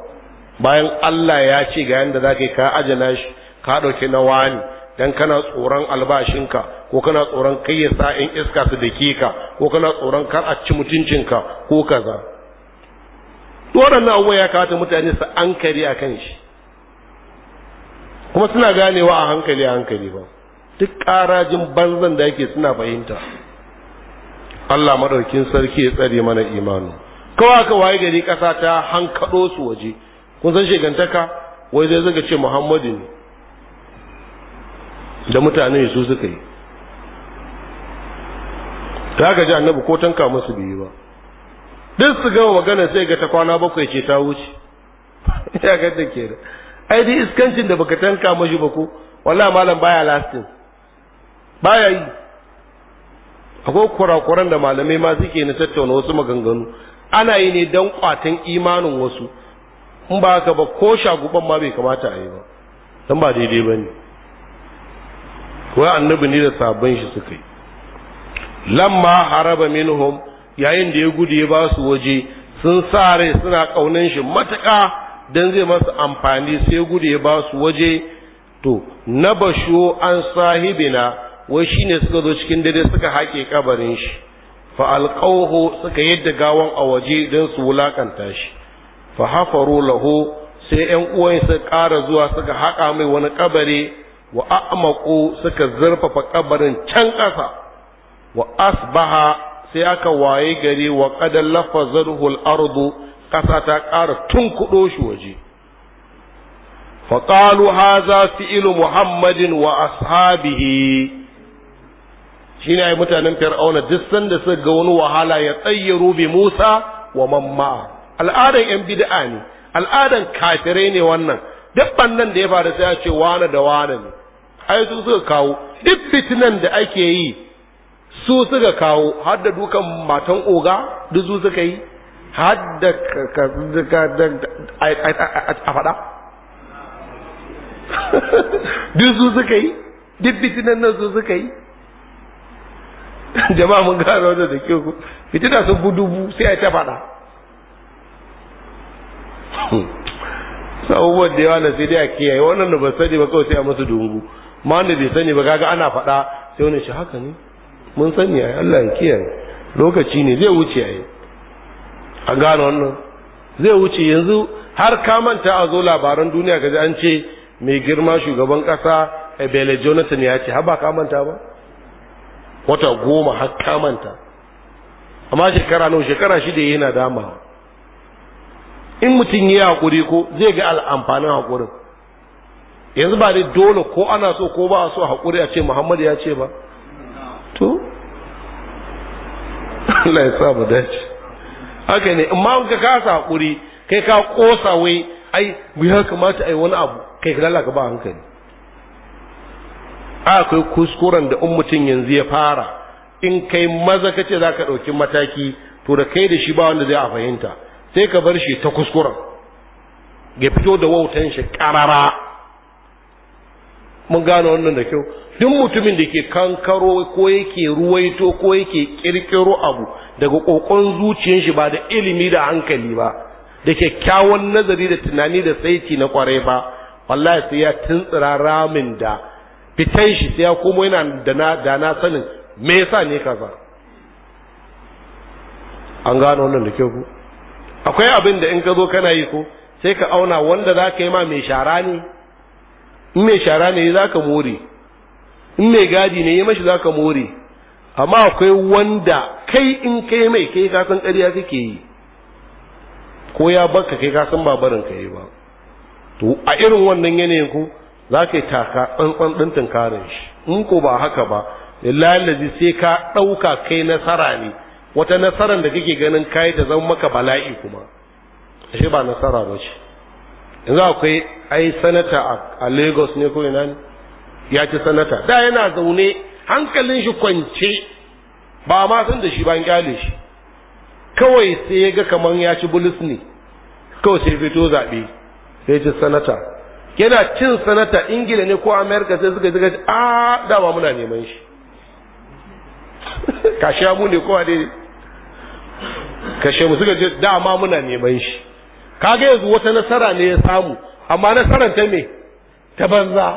A: bayan Allah ya ce ga yanda zaka ka ajana shi ka dauke na wani dan kana tsoron albashinka ko kana tsoron kai ya sa in iska su dake ka ko kana tsoron kar a ci mutuncinka ko kaza waɗannan abubuwa ya kata mutane su an a shi kuma suna ganewa a hankali a hankali ba duk ƙarajin banzan da yake suna fahimta Allah madaukin sarki ya tsare mana imanu kawa ka waye gari kasa ta hankado su waje kun san shegantaka wai zai zaga ce Muhammadu ne da mutane su suka yi ta ga ji annabi ko tanka musu biyu ba duk su gama magana sai ga ta kwana bakwai ce ta wuce ya ga da ke ai dai iskancin da baka tanka mashi ba ko wallahi malam baya lasting baya yi akwai kurakuran da malamai ma suke na tattauna wasu maganganu ana yi ne don kwatan imanin wasu in ba haka ba ko shaguban ma bai kamata a yi ba don ba daidai ba ne kawai annabi ne da sabon shi suka yi lamma haraba minhum yayin da ya gudu ya ba su waje sun sa rai suna kaunan shi matuka don zai masu amfani sai gudu ya ba su waje to na basho an sahibina wai shi ne suka zo cikin dare suka haƙe kabarin shi fa alqawhu suka yadda gawan a waje don su wulaƙanta shi fa hafaru lahu sai ƴan uwan suka ƙara zuwa suka haƙa mai wani kabari wa a'maqu suka zurfafa kabarin can ƙasa wa asbaha sai aka waye gari wa qadal lafazuhu al-ardu ƙasa ta ƙara tunkuɗo shi waje فقالوا هذا فعل محمد وأصحابه shine ai mutanen fir'auna duk sanda suka ga wani wahala ya tsayyaru bi Musa wa man ma'a al'adan yan bid'a ne al'adan kafirai ne wannan duk bannan da ya faru sai a ce wani da wani ne ai su suka kawo duk fitinan da ake yi su suka kawo har da dukan matan oga duk su suka yi har da ka a faɗa duk su suka yi duk fitinan nan su suka yi jama'a mun gano wajen da kyau ku fitina sun bu dubu sai a ta faɗa abubuwan da yawa na sai dai a kiyaye wannan da ba sani ba kawai sai a masu dungu ma wanda bai sani ba kaga ana faɗa sai wani shi haka ne mun sani ai Allah ya kiyaye lokaci ne zai wuce ai a gano wannan zai wuce yanzu har ka manta a zo labaran duniya ji an ce mai girma shugaban kasa Ebele Jonathan ya ce har ba ka manta ba wata goma har kamanta amma shekara nawa shekara shida yana dama in mutum ya hakuri ko zai ga al'amfanin hakuri yanzu ba dai dole ko ana so ko ba a so hakuri a ce muhammad ya ce ba to Allah ya sa mu dace haka ne amma ka kasa hakuri kai ka kosa wai ai ya kamata ai wani abu kai ka lalaka ba hankali akwai kuskuren da in mutum yanzu ya fara in kai maza kace za ka ɗauki mataki to da kai da shi ba wanda zai a fahimta sai ka bar shi ta kuskuren ya fito da wautan shi ƙarara mun gane wannan da kyau duk mutumin da ke kankaro ko yake ruwaito ko yake kirkiro abu daga kokon zuciyar shi ba da ilimi da hankali ba da kyakkyawan nazari da tunani da saiti na kwarai ba wallahi sai ya tuntsira ramin da fitan shi sai ya komo yana da na da na sanin me yasa ne kaza an gano wannan da kyau akwai abin da in ka zo kana yi ko sai ka auna wanda za ka yi ma mai shara ne in mai shara ne za ka more in mai gadi ne yi mashi za ka more amma akwai wanda kai in kai mai kai ka san ƙarya kake yi ko ya baka kai ka san babarin ka yi ba to a irin wannan yanayin ku za ka yi taka tsantsan ɗin tunkarin shi in ko ba haka ba lillahi sai ka ɗauka kai nasara ne wata nasarar da kake ganin kai ta zama maka bala'i kuma ashe ba nasara ba ce yanzu akwai ai sanata a lagos ne ko ina ne ya ci sanata da yana zaune hankalin shi kwance ba ma san da shi ban kyale shi kawai sai ya ga kaman ya ci bulis ne kawai sai fito zaɓe sai ci sanata yana cin sanata ingila ne ko amerika sai suka zika a dama muna neman shi kashe mu ne kowa dai kashe mu suka ce dama muna neman shi kaga yanzu wata nasara ne ya samu amma nasarar ta me ta banza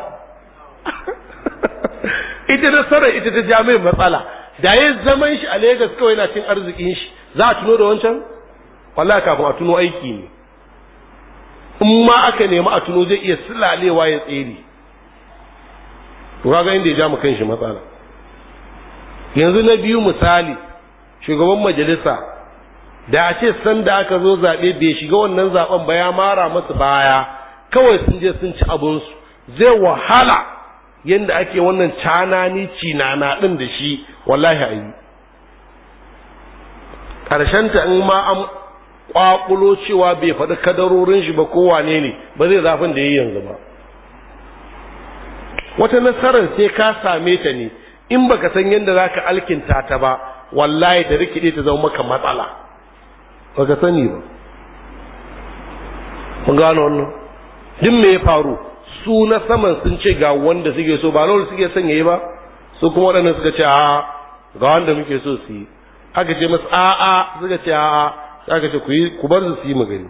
A: ita nasarar ita ta ja mai matsala da ya zaman shi a Legas kawai yana cin arzikin shi za a tuno da wancan wallahi kafin a tuno aiki ne in ma aka nemi a tuno zai iya silalewa ya tsere to kaga inda ya ja mu kanshi matsala yanzu na biyu misali shugaban majalisa da a ce san da aka zo zaɓe bai shiga wannan zaɓen ba ya mara masu baya kawai sun je sun ci abinsu zai wahala yadda ake wannan canani cinana ɗin da shi wallahi a yi ƙarshenta in ma an kwakulo cewa bai faɗi kadarorin shi ba kowane ne ba zai zafin da ya yi yanzu ba wata nasarar sai ka same ta ne in baka san yadda za ka alkinta ta ba wallahi ta rikide ta zama maka matsala ba ka sani ba mun gano wannan duk me ya faru su na saman sun ce ga wanda suke so ba lawal suke son yayi ba su kuma waɗannan suka ce a, ga wanda muke so su yi aka ce masu a'a suka ce a'a aka ce ku yi ku bar su su yi magani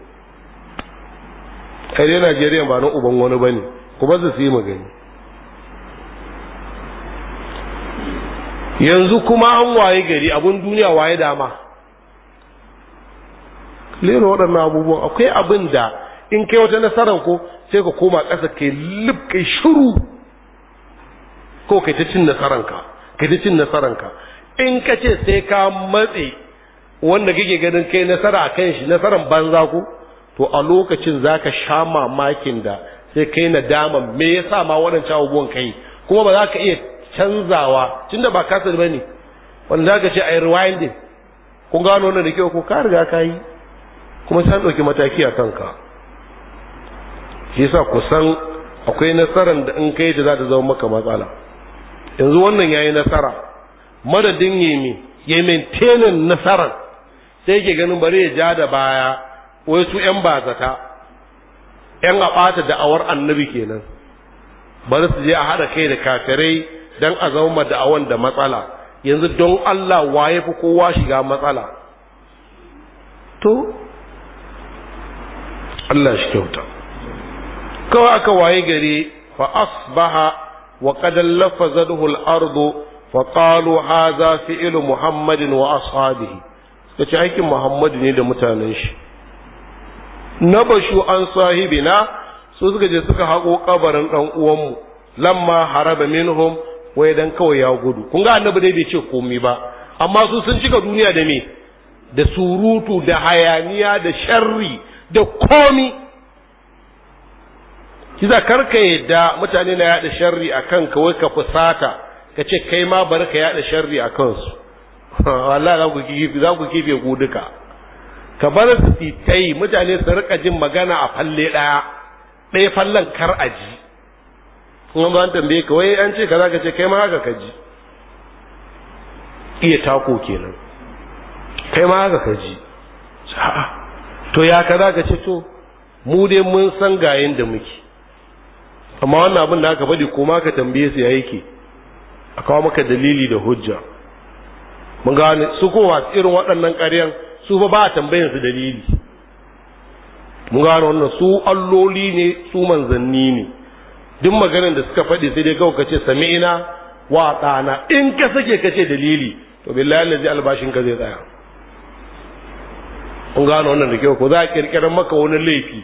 A: kare najeriya ba na uban wani ba ne ku bar su su yi magani yanzu kuma an waye gari abun duniya waye dama lera waɗannan abubuwan akwai abin da in kai wata nasarar ko sai ka koma ƙasa ke lib kai shiru ko kai ta cin nasaranka kai ta cin nasaranka in ka ce sai ka matse wanda kake ganin kai nasara a kan shi nasaran banza ko to a lokacin zaka sha mamakin da sai kai dama me yasa ma waɗancan abubuwan kai kuma ba za ka iya canzawa tunda ba sani bane wanda zaka ce ai rewinding kun gano wannan da kike ko ka riga ka yi kuma san ɗauki mataki a kanka shi yasa kusan akwai nasaran da in kai da za ta zama maka matsala yanzu wannan yayi nasara madadin yemi ya maintainin nasarar sai yake ganin bari ya ja da baya wai su yan bazata yan a da awar annabi kenan bari su je a haɗa kai da kafirai don a zama da'awan da matsala yanzu don Allah waye fi kowa shiga matsala to Allah shi kyauta kawai aka waye gari fa asbaha wa qad lafazathu al-ardu fa qalu hadha fi'lu muhammadin wa ashabihi suka ce aikin muhammadu ne da mutanen shi na bashu an na, su suka je suka haƙo ƙabarin ɗan uwanmu lamma haraba minhum wa dan kawai ya gudu kun ga annabi dai bai ce komai ba amma su sun cika duniya da me da surutu da hayaniya da sharri da komi kiza karka yadda mutane na yaɗa sharri akan kawai ka fusata ka ce kai ma bari ka yaɗa sharri a kansu wallahi za ku kife za ku ku duka ka bar su titai mutane su rika jin magana a falle daya ɗaya fallan kar a ji kuma ba an tambaye ka wai an ce kaza ka ce kai ma haka ka ji iya tako kenan kai ma haka ka ji to ya kaza ka ce to mu dai mun san gayen da muke amma wannan abin da aka faɗi ko ma ka tambaye su ya yake a kawo maka dalili da hujja mun gane su kowa irin waɗannan ƙaryan su fa ba a tambayin su dalili mun gane wannan su alloli ne su manzanni ne duk maganin da suka faɗi sai dai kawai kace ce sami'ina wa ɗana in ka sake ka ce dalili to billahi lazi albashin ka zai tsaya mun gane wannan da kyau ko za a kirkira maka wani laifi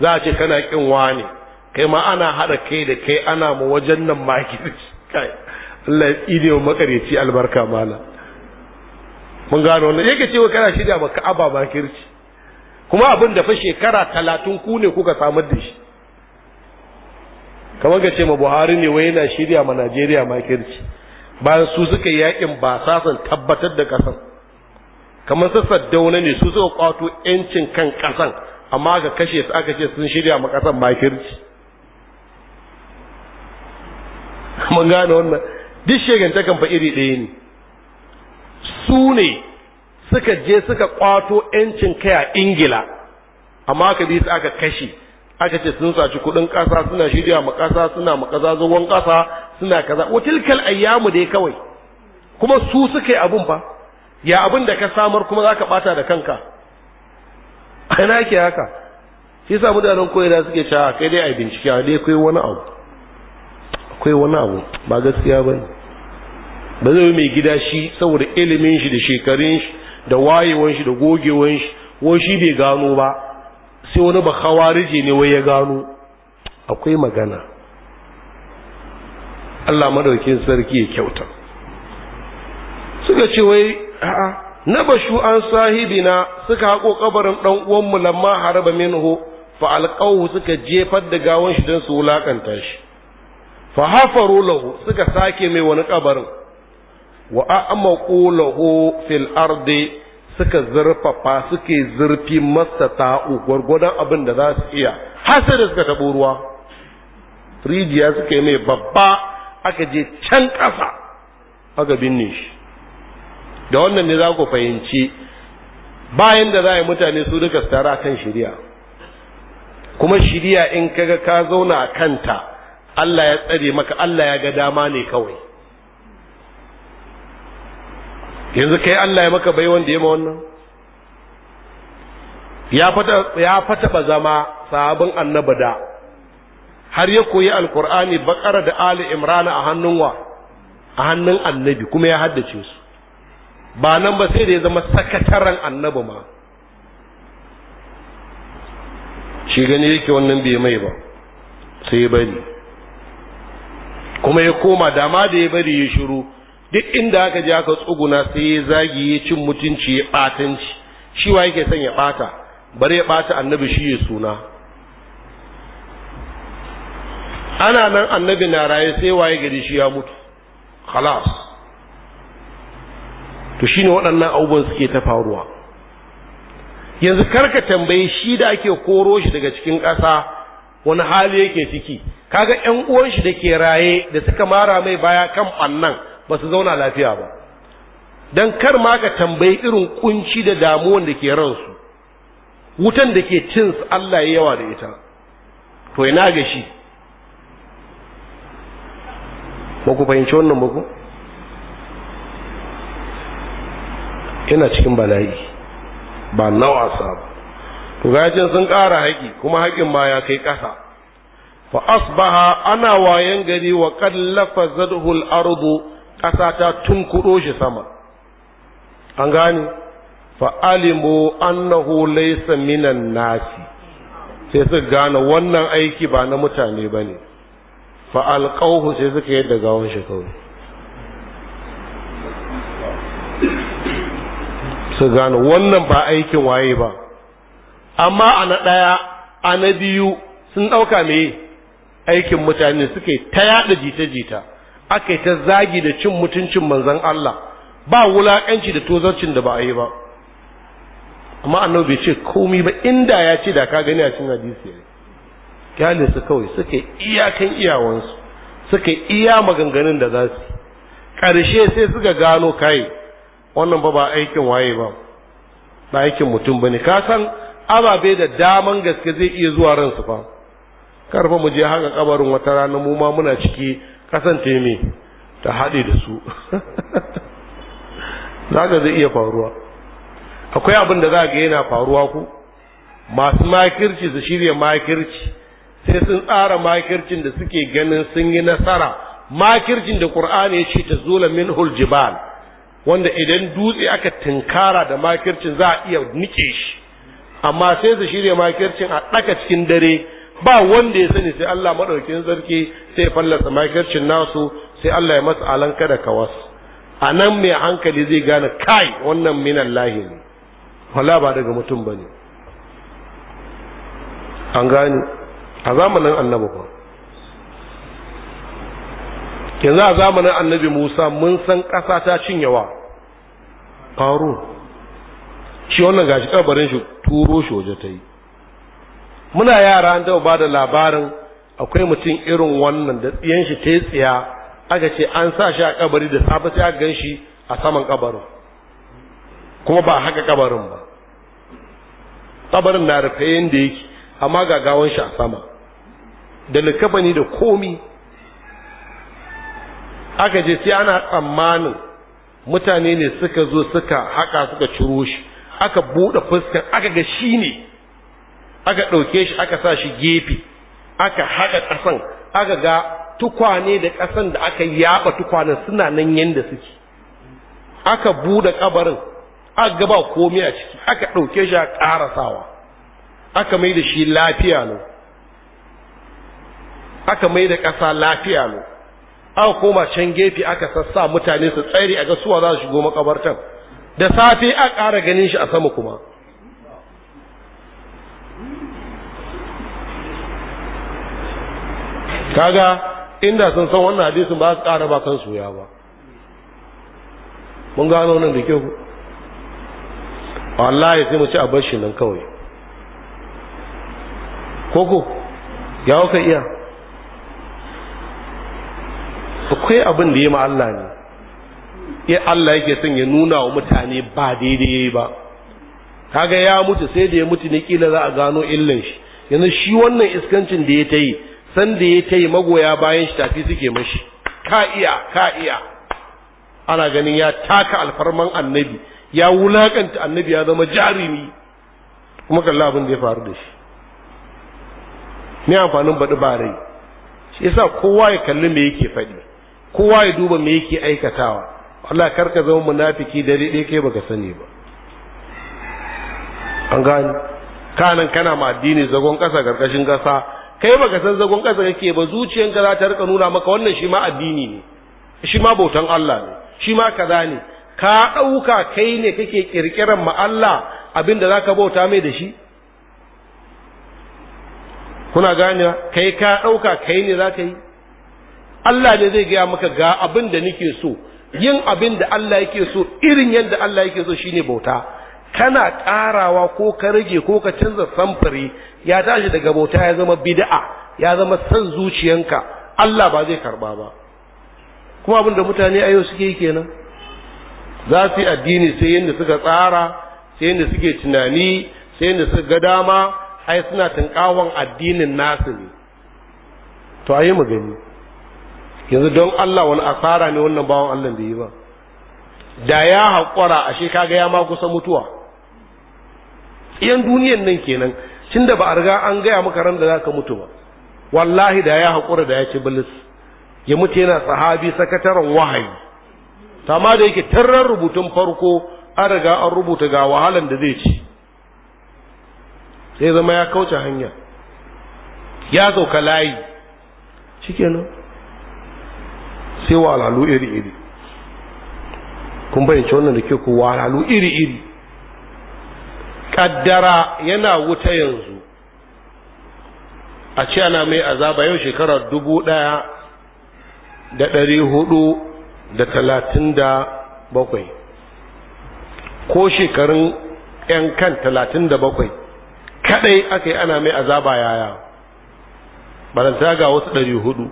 A: za a ce kana kin wani kai ma ana haɗa kai da kai ana ma wajen nan maki kai Allah ya ide wa makareci albarka mala mun gano wannan yake cewa kana shirya ba aba ba kirci kuma abin da fa shekara talatin ku ne kuka samar da shi kamar ga ce ma buhari ne wai yana shirya ma najeriya ma kirci bayan su suka yi yakin ba sasan tabbatar da kasan kamar su Dauna ne su suka kwato yancin kan kasan amma ga kashe su aka ce sun shirya ma kasan ma kirci mun gane wannan duk shegantakan fa iri ɗaya ne su ne suka je suka kwato yancin kai a ingila amma aka bi su aka kashe aka ce sun saci kudin kasa suna shirya ma kasa suna ma kaza zuwan kasa suna kaza watilkal ayyamu dai kawai kuma su suka yi abun ba ya abin da ka samar kuma zaka bata da kanka ana ke haka shi yasa mutanen da suke cewa kai dai ai bincike dai kai wani abu akwai wani abu ba gaskiya bane ba zai mai gida shi saboda ilimin shi da shekarun shi da wayewan shi da gogewan shi ko shi bai gano ba sai wani ba khawarije ne wai ya gano akwai magana Allah madaukin sarki ya kyauta suka ce wai a'a na bashu an sahibina suka haƙo kabarin dan uwanmu lamma haraba minhu fa alqawu suka jefar da gawan shi dan su wulakanta shi fa hafaru lahu suka sake mai wani kabarin wa amma fil ardi suka zurfafa suke zurfi masa ta'u gwargwadon abin da za su iya har da suka tabo ruwa rijiya suka yi mai babba aka je can ƙasa aka binne shi da wannan ne za ku fahimci bayan da za a yi mutane su duka su tara kan shirya kuma shirya in kaga ka zauna a kanta Allah ya tsare maka Allah ya ga dama ne kawai yanzu kai Allah ya maka bai wanda ya ma wannan ya fata ya fata ba zama sahabin annaba da har ya koyi alqur'ani bakara da ali imran a hannun wa a hannun annabi kuma ya haddace su ba nan ba sai da ya zama sakataren annabi ma shi gani yake wannan bai mai ba sai ya bari kuma ya koma dama da ya bari ya shiru duk inda aka je aka tsuguna sai ya zagi ya cin mutunci ya batanci shi wa yake son ya bata bare ya bata annabi shi ya suna ana nan annabi na raye sai waye gari shi ya mutu khalas to shine waɗannan abubuwan suke ta faruwa yanzu karka tambaye shi da ake koro shi daga cikin ƙasa wani hali yake ciki kaga ƴan uwan shi da ke raye da suka mara mai baya kan ɓannan ba su zauna lafiya ba don kar ma ka tambayi irin kunci da damuwan da ke ransu wutan da ke cin su Allah ya yawa da ita to ina ga shi ba ku fahimci wannan ba ku ina cikin bala'i ba nawa sabu to gajin sun ƙara haƙi kuma haƙin ma ya kai ƙasa fa asbaha ana wayan gari wa kallafa zadhul ardu ƙasa ta tunkuɗo shi sama an gane fa'alimu annahu laysa minan nasi sai suka gane wannan aiki ba na mutane ba ne fa'alƙauhu sai suka yadda gawon shi kawai su gane wannan ba aikin waye ba amma a na ɗaya a na biyu sun ɗauka mai aikin mutane suke ta yaɗa jita-jita aka yi ta zagi da cin mutuncin manzan Allah ba wulaƙanci da tozarcin da ba a yi ba amma annabi bai ce komai ba inda ya ce da ka gani a cin hadisi ya kyale su kawai suka iyakan iyawansu suka iya maganganun da za su ƙarshe sai suka gano kai wannan ba ba aikin waye ba ba aikin mutum ba ne ka ababe da daman gaske zai iya zuwa ransu ba karfa mu je haka kabarin wata rana mu ma muna ciki kasance me ta haɗe da su za ka zai iya faruwa akwai abin da za ga yana faruwa ku masu makirci su shirya makirci sai sun tsara makircin da suke ganin sun yi nasara makircin da ƙur'ani ya ce ta zula min huljibal wanda idan dutse aka tinkara da makircin za a iya nike shi amma sai su shirya makircin a ɗaka cikin dare ba wanda ya sani sai Allah madaukakin sarki sai fallasa makircin nasu sai Allah ya masa alanka da kawas a nan mai hankali zai gane kai wannan minan lahi ne wala ba daga mutum ba ne an gani a zamanin annabi ba yanzu a zamanin annabi musa mun san ƙasa ta cinyewa faru shi wannan gashi kabarin shi turo shi waje ta yi muna yara an taɓa ba da labarin akwai mutum irin wannan da tsiyan shi ta tsiya aka ce an sa shi a kabari da safe sai aka ganshi a saman kabarin kuma ba haka kabarin ba kabarin na rufe yadda yake amma ga gawan shi a sama da ne da komi aka je sai ana tsammanin mutane ne suka zo suka haka suka ciro shi aka buɗe fuskar aka ga shi ne aka ɗauke shi aka sa shi gefe aka haɗa ƙasan aka ga tukwane da ƙasan da aka yaɓa tukwanen suna nan yadda suke aka buɗe kabarin aka ga komai a ciki aka ɗauke shi a ƙarasawa aka mai da shi lafiya ne aka mai da ƙasa lafiya ne aka koma can gefe aka sassa mutane su tsare a ga suwa za su shigo makabartan da safe a ƙara ganin shi a sama kuma kaga inda sun san wannan hadisin ba su ƙara ba kan soya ba mun gano nan da kyau wallahi sai mu ci a shi nan kawai koko ya kuka iya akwai abin da ya ma Allah ne ya Allah yake son ya nuna wa mutane ba daidai yi ba kaga ya mutu sai da ya mutu ne kila za a gano illan shi yanzu shi wannan iskancin da ya ta yi san da ya tayi magoya bayan shi tafi suke mashi ka iya ka iya ana ganin ya taka alfarman annabi ya wulakanta annabi ya zama jarumi kuma kalla abin da ya faru da shi ne amfanin baɗi ba rai shi yasa kowa ya kalli me yake faɗi kowa ya duba me yake aikatawa Allah karka zama munafiki da dai kai baka sani ba an gani kanan kana ma addini zagon ƙasa ƙarƙashin ƙasa kai baka san zagon kasa kake ba zuciyanka za ta rika nuna maka wannan shi ma addini ne shi ma bautan Allah ne shi ma kaza ne ka ɗauka kai ne kake kirkiran ma Allah abin da za ka bauta mai da shi kuna ganewa kai ka ɗauka kai ne za ka yi Allah ne zai gaya maka ga abin da nake so yin abin da Allah yake so irin yadda Allah yake so shine bauta kana ƙarawa ko ka rage ko ka canza samfuri ya tashi daga bauta ya zama bid'a ya zama san zuciyanka Allah ba zai karba ba kuma abin mutane a yau suke yi kenan za su yi addini sai yadda suka tsara sai yadda suke tunani sai yadda suka ga dama ai suna tunkawan addinin nasu ne to ayi mu gani yanzu don Allah wani asara ne wannan bawan Allah bai yi ba da ya haƙura ashe kaga ya ma kusa mutuwa iyan duniyan nan kenan cin da ba a riga an gaya maka ran da za ka mutu ba wallahi da ya haƙura da ya ci bilis ya mutu yana sahabi sakataren wahayi amma da yake tarar rubutun farko an riga an rubuta ga wahalan da zai ci sai zama ya kauce hanya ya sauka layi shikenan sai walalu iri-iri kun bayyance wannan da ke ku walalu iri-iri kaddara yana wuta yanzu a ce ana mai azaba yau shekarar dubu ɗaya da ɗari hudu da talatin da bakwai ko shekarun 'yan kan talatin da bakwai kadai aka yi ana mai azaba yaya baranta ga wasu ɗari hudu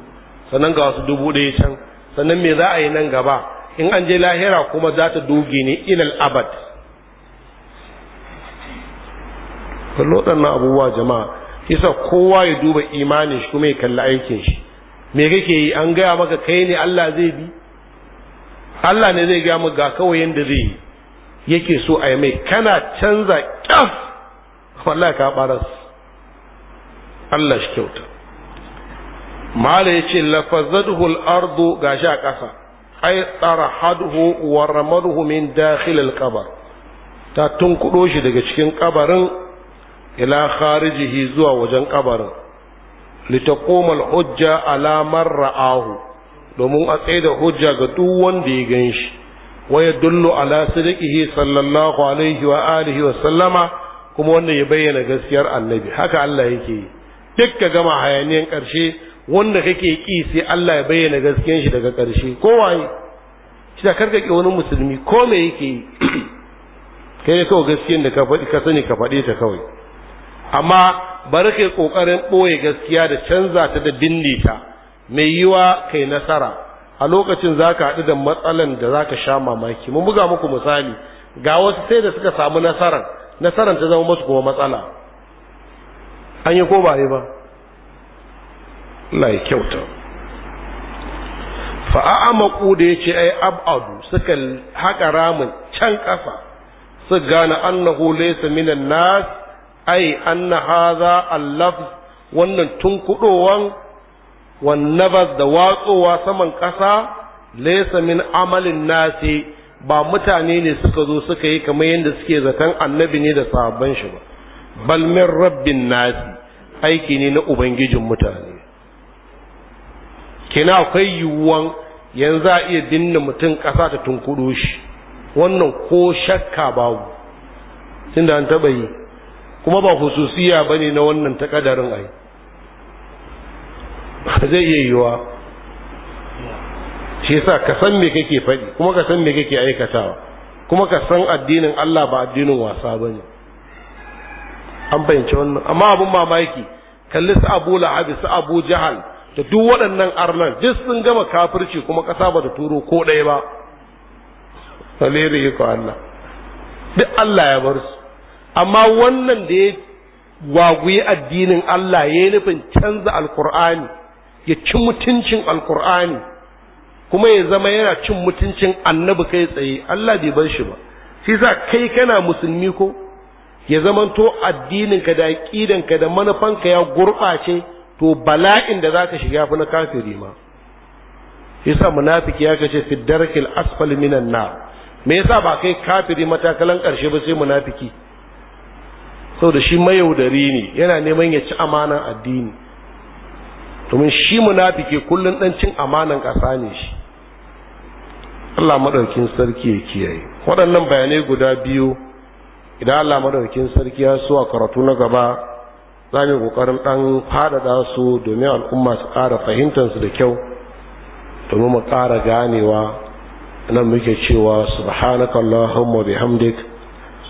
A: sannan ga wasu dubu ɗaya can sannan me za a yi nan gaba in an je lahira kuma za ta duge ne ilal abad kallo waɗannan abubuwa jama'a kisa kowa ya duba imanin shi kuma ya kalli aikin shi me kake yi an gaya maka kai ne Allah zai bi Allah ne zai gaya maka ga kawai yanda zai yi yake so a yi mai kana canza kyaf wallahi ka baras Allah shi kyauta mala yace lafazadhul al-ardu gashi a ƙasa ay tarahadhu wa ramaduhu min dakhil al-qabr ta tunkudo shi daga cikin kabarin ila kharijihi zuwa wajen kabarin litaquma hujja ala man ra'ahu domin a tsaida hujja ga duk wanda ya gan shi wa yadullu ala sadiqihi sallallahu alaihi wa alihi wa sallama kuma wanda ya bayyana gaskiyar annabi haka Allah yake yi duk ka gama hayaniyan karshe wanda kake ki sai Allah ya bayyana gaskiyar shi daga karshe kowaye shi da karka ki wani musulmi ko me yake yi kai ne kawai gaskiyar da ka faɗi ka sani ka faɗe ta kawai amma bari kai kokarin ɓoye gaskiya da canza ta da binne ta mai yiwa kai nasara a lokacin za ka haɗu da matsalan da za ka sha mamaki mun buga muku misali ga wasu sai da suka samu nasarar nasarar ta zama masu kuma matsala an yi ko ba yi ba Allah ya kyauta Fa'a da ya ce ai ab'adu suka haƙa ramin can ƙasa su gane annahu laysa minan nas ai anna hadha allaf wannan tunkudowan wannabas da watsowa saman ƙasa laysa min amalin nasi ba mutane ne suka zo suka yi kamar yadda suke zaton annabi ne da sahabban shi ba bal min rabbin nasi aiki ne na ubangijin mutane kina akwai yiwuwan yanzu a iya binne mutum ƙasa ta tunkudo shi wannan ko shakka babu tunda an taɓa yi kuma ba hususiya bane na wannan takadarin ai zai iya yiwuwa. shi yasa ka san me kake faɗi kuma ka san me kake aikatawa kuma ka san addinin Allah ba addinin wasa ba ne? an fahimci wannan amma abun mamaki kalli su Abu Lahab su Abu Jahal da duk waɗannan arnan duk sun gama kafirci kuma ƙasa ba ta turo ko ɗaya ba salere ko Allah duk Allah ya bar su amma wannan da ya waguyi addinin Allah ya yi nufin canza alkur'ani ya ci mutuncin alkur'ani kuma ya zama yana cin mutuncin annabi kai tsaye Allah bai bar shi ba shi sa kai kana musulmi ko ya zamanto addininka da aqidanka da manufanka ya gurɓace to bala'in da zaka shiga fa na kafiri ma sa munafiki ya kace fi darkil asfal minan nar me yasa ba kai kafiri matakalan karshe ba sai munafiki sau da shi mayaudari ne yana neman ya ci amanan addini domin shi munafike kullum dan cin amanan kasa ne shi Allah madaukin sarki ya kiyaye waɗannan bayanai guda biyu idan Allah madaukin sarki ya so a karatu na gaba za mu yi ƙoƙarin ɗan faɗaɗa su domin al'umma su ƙara su da kyau domin mu ƙara ganewa nan muke cewa subhanakallahumma bihamdika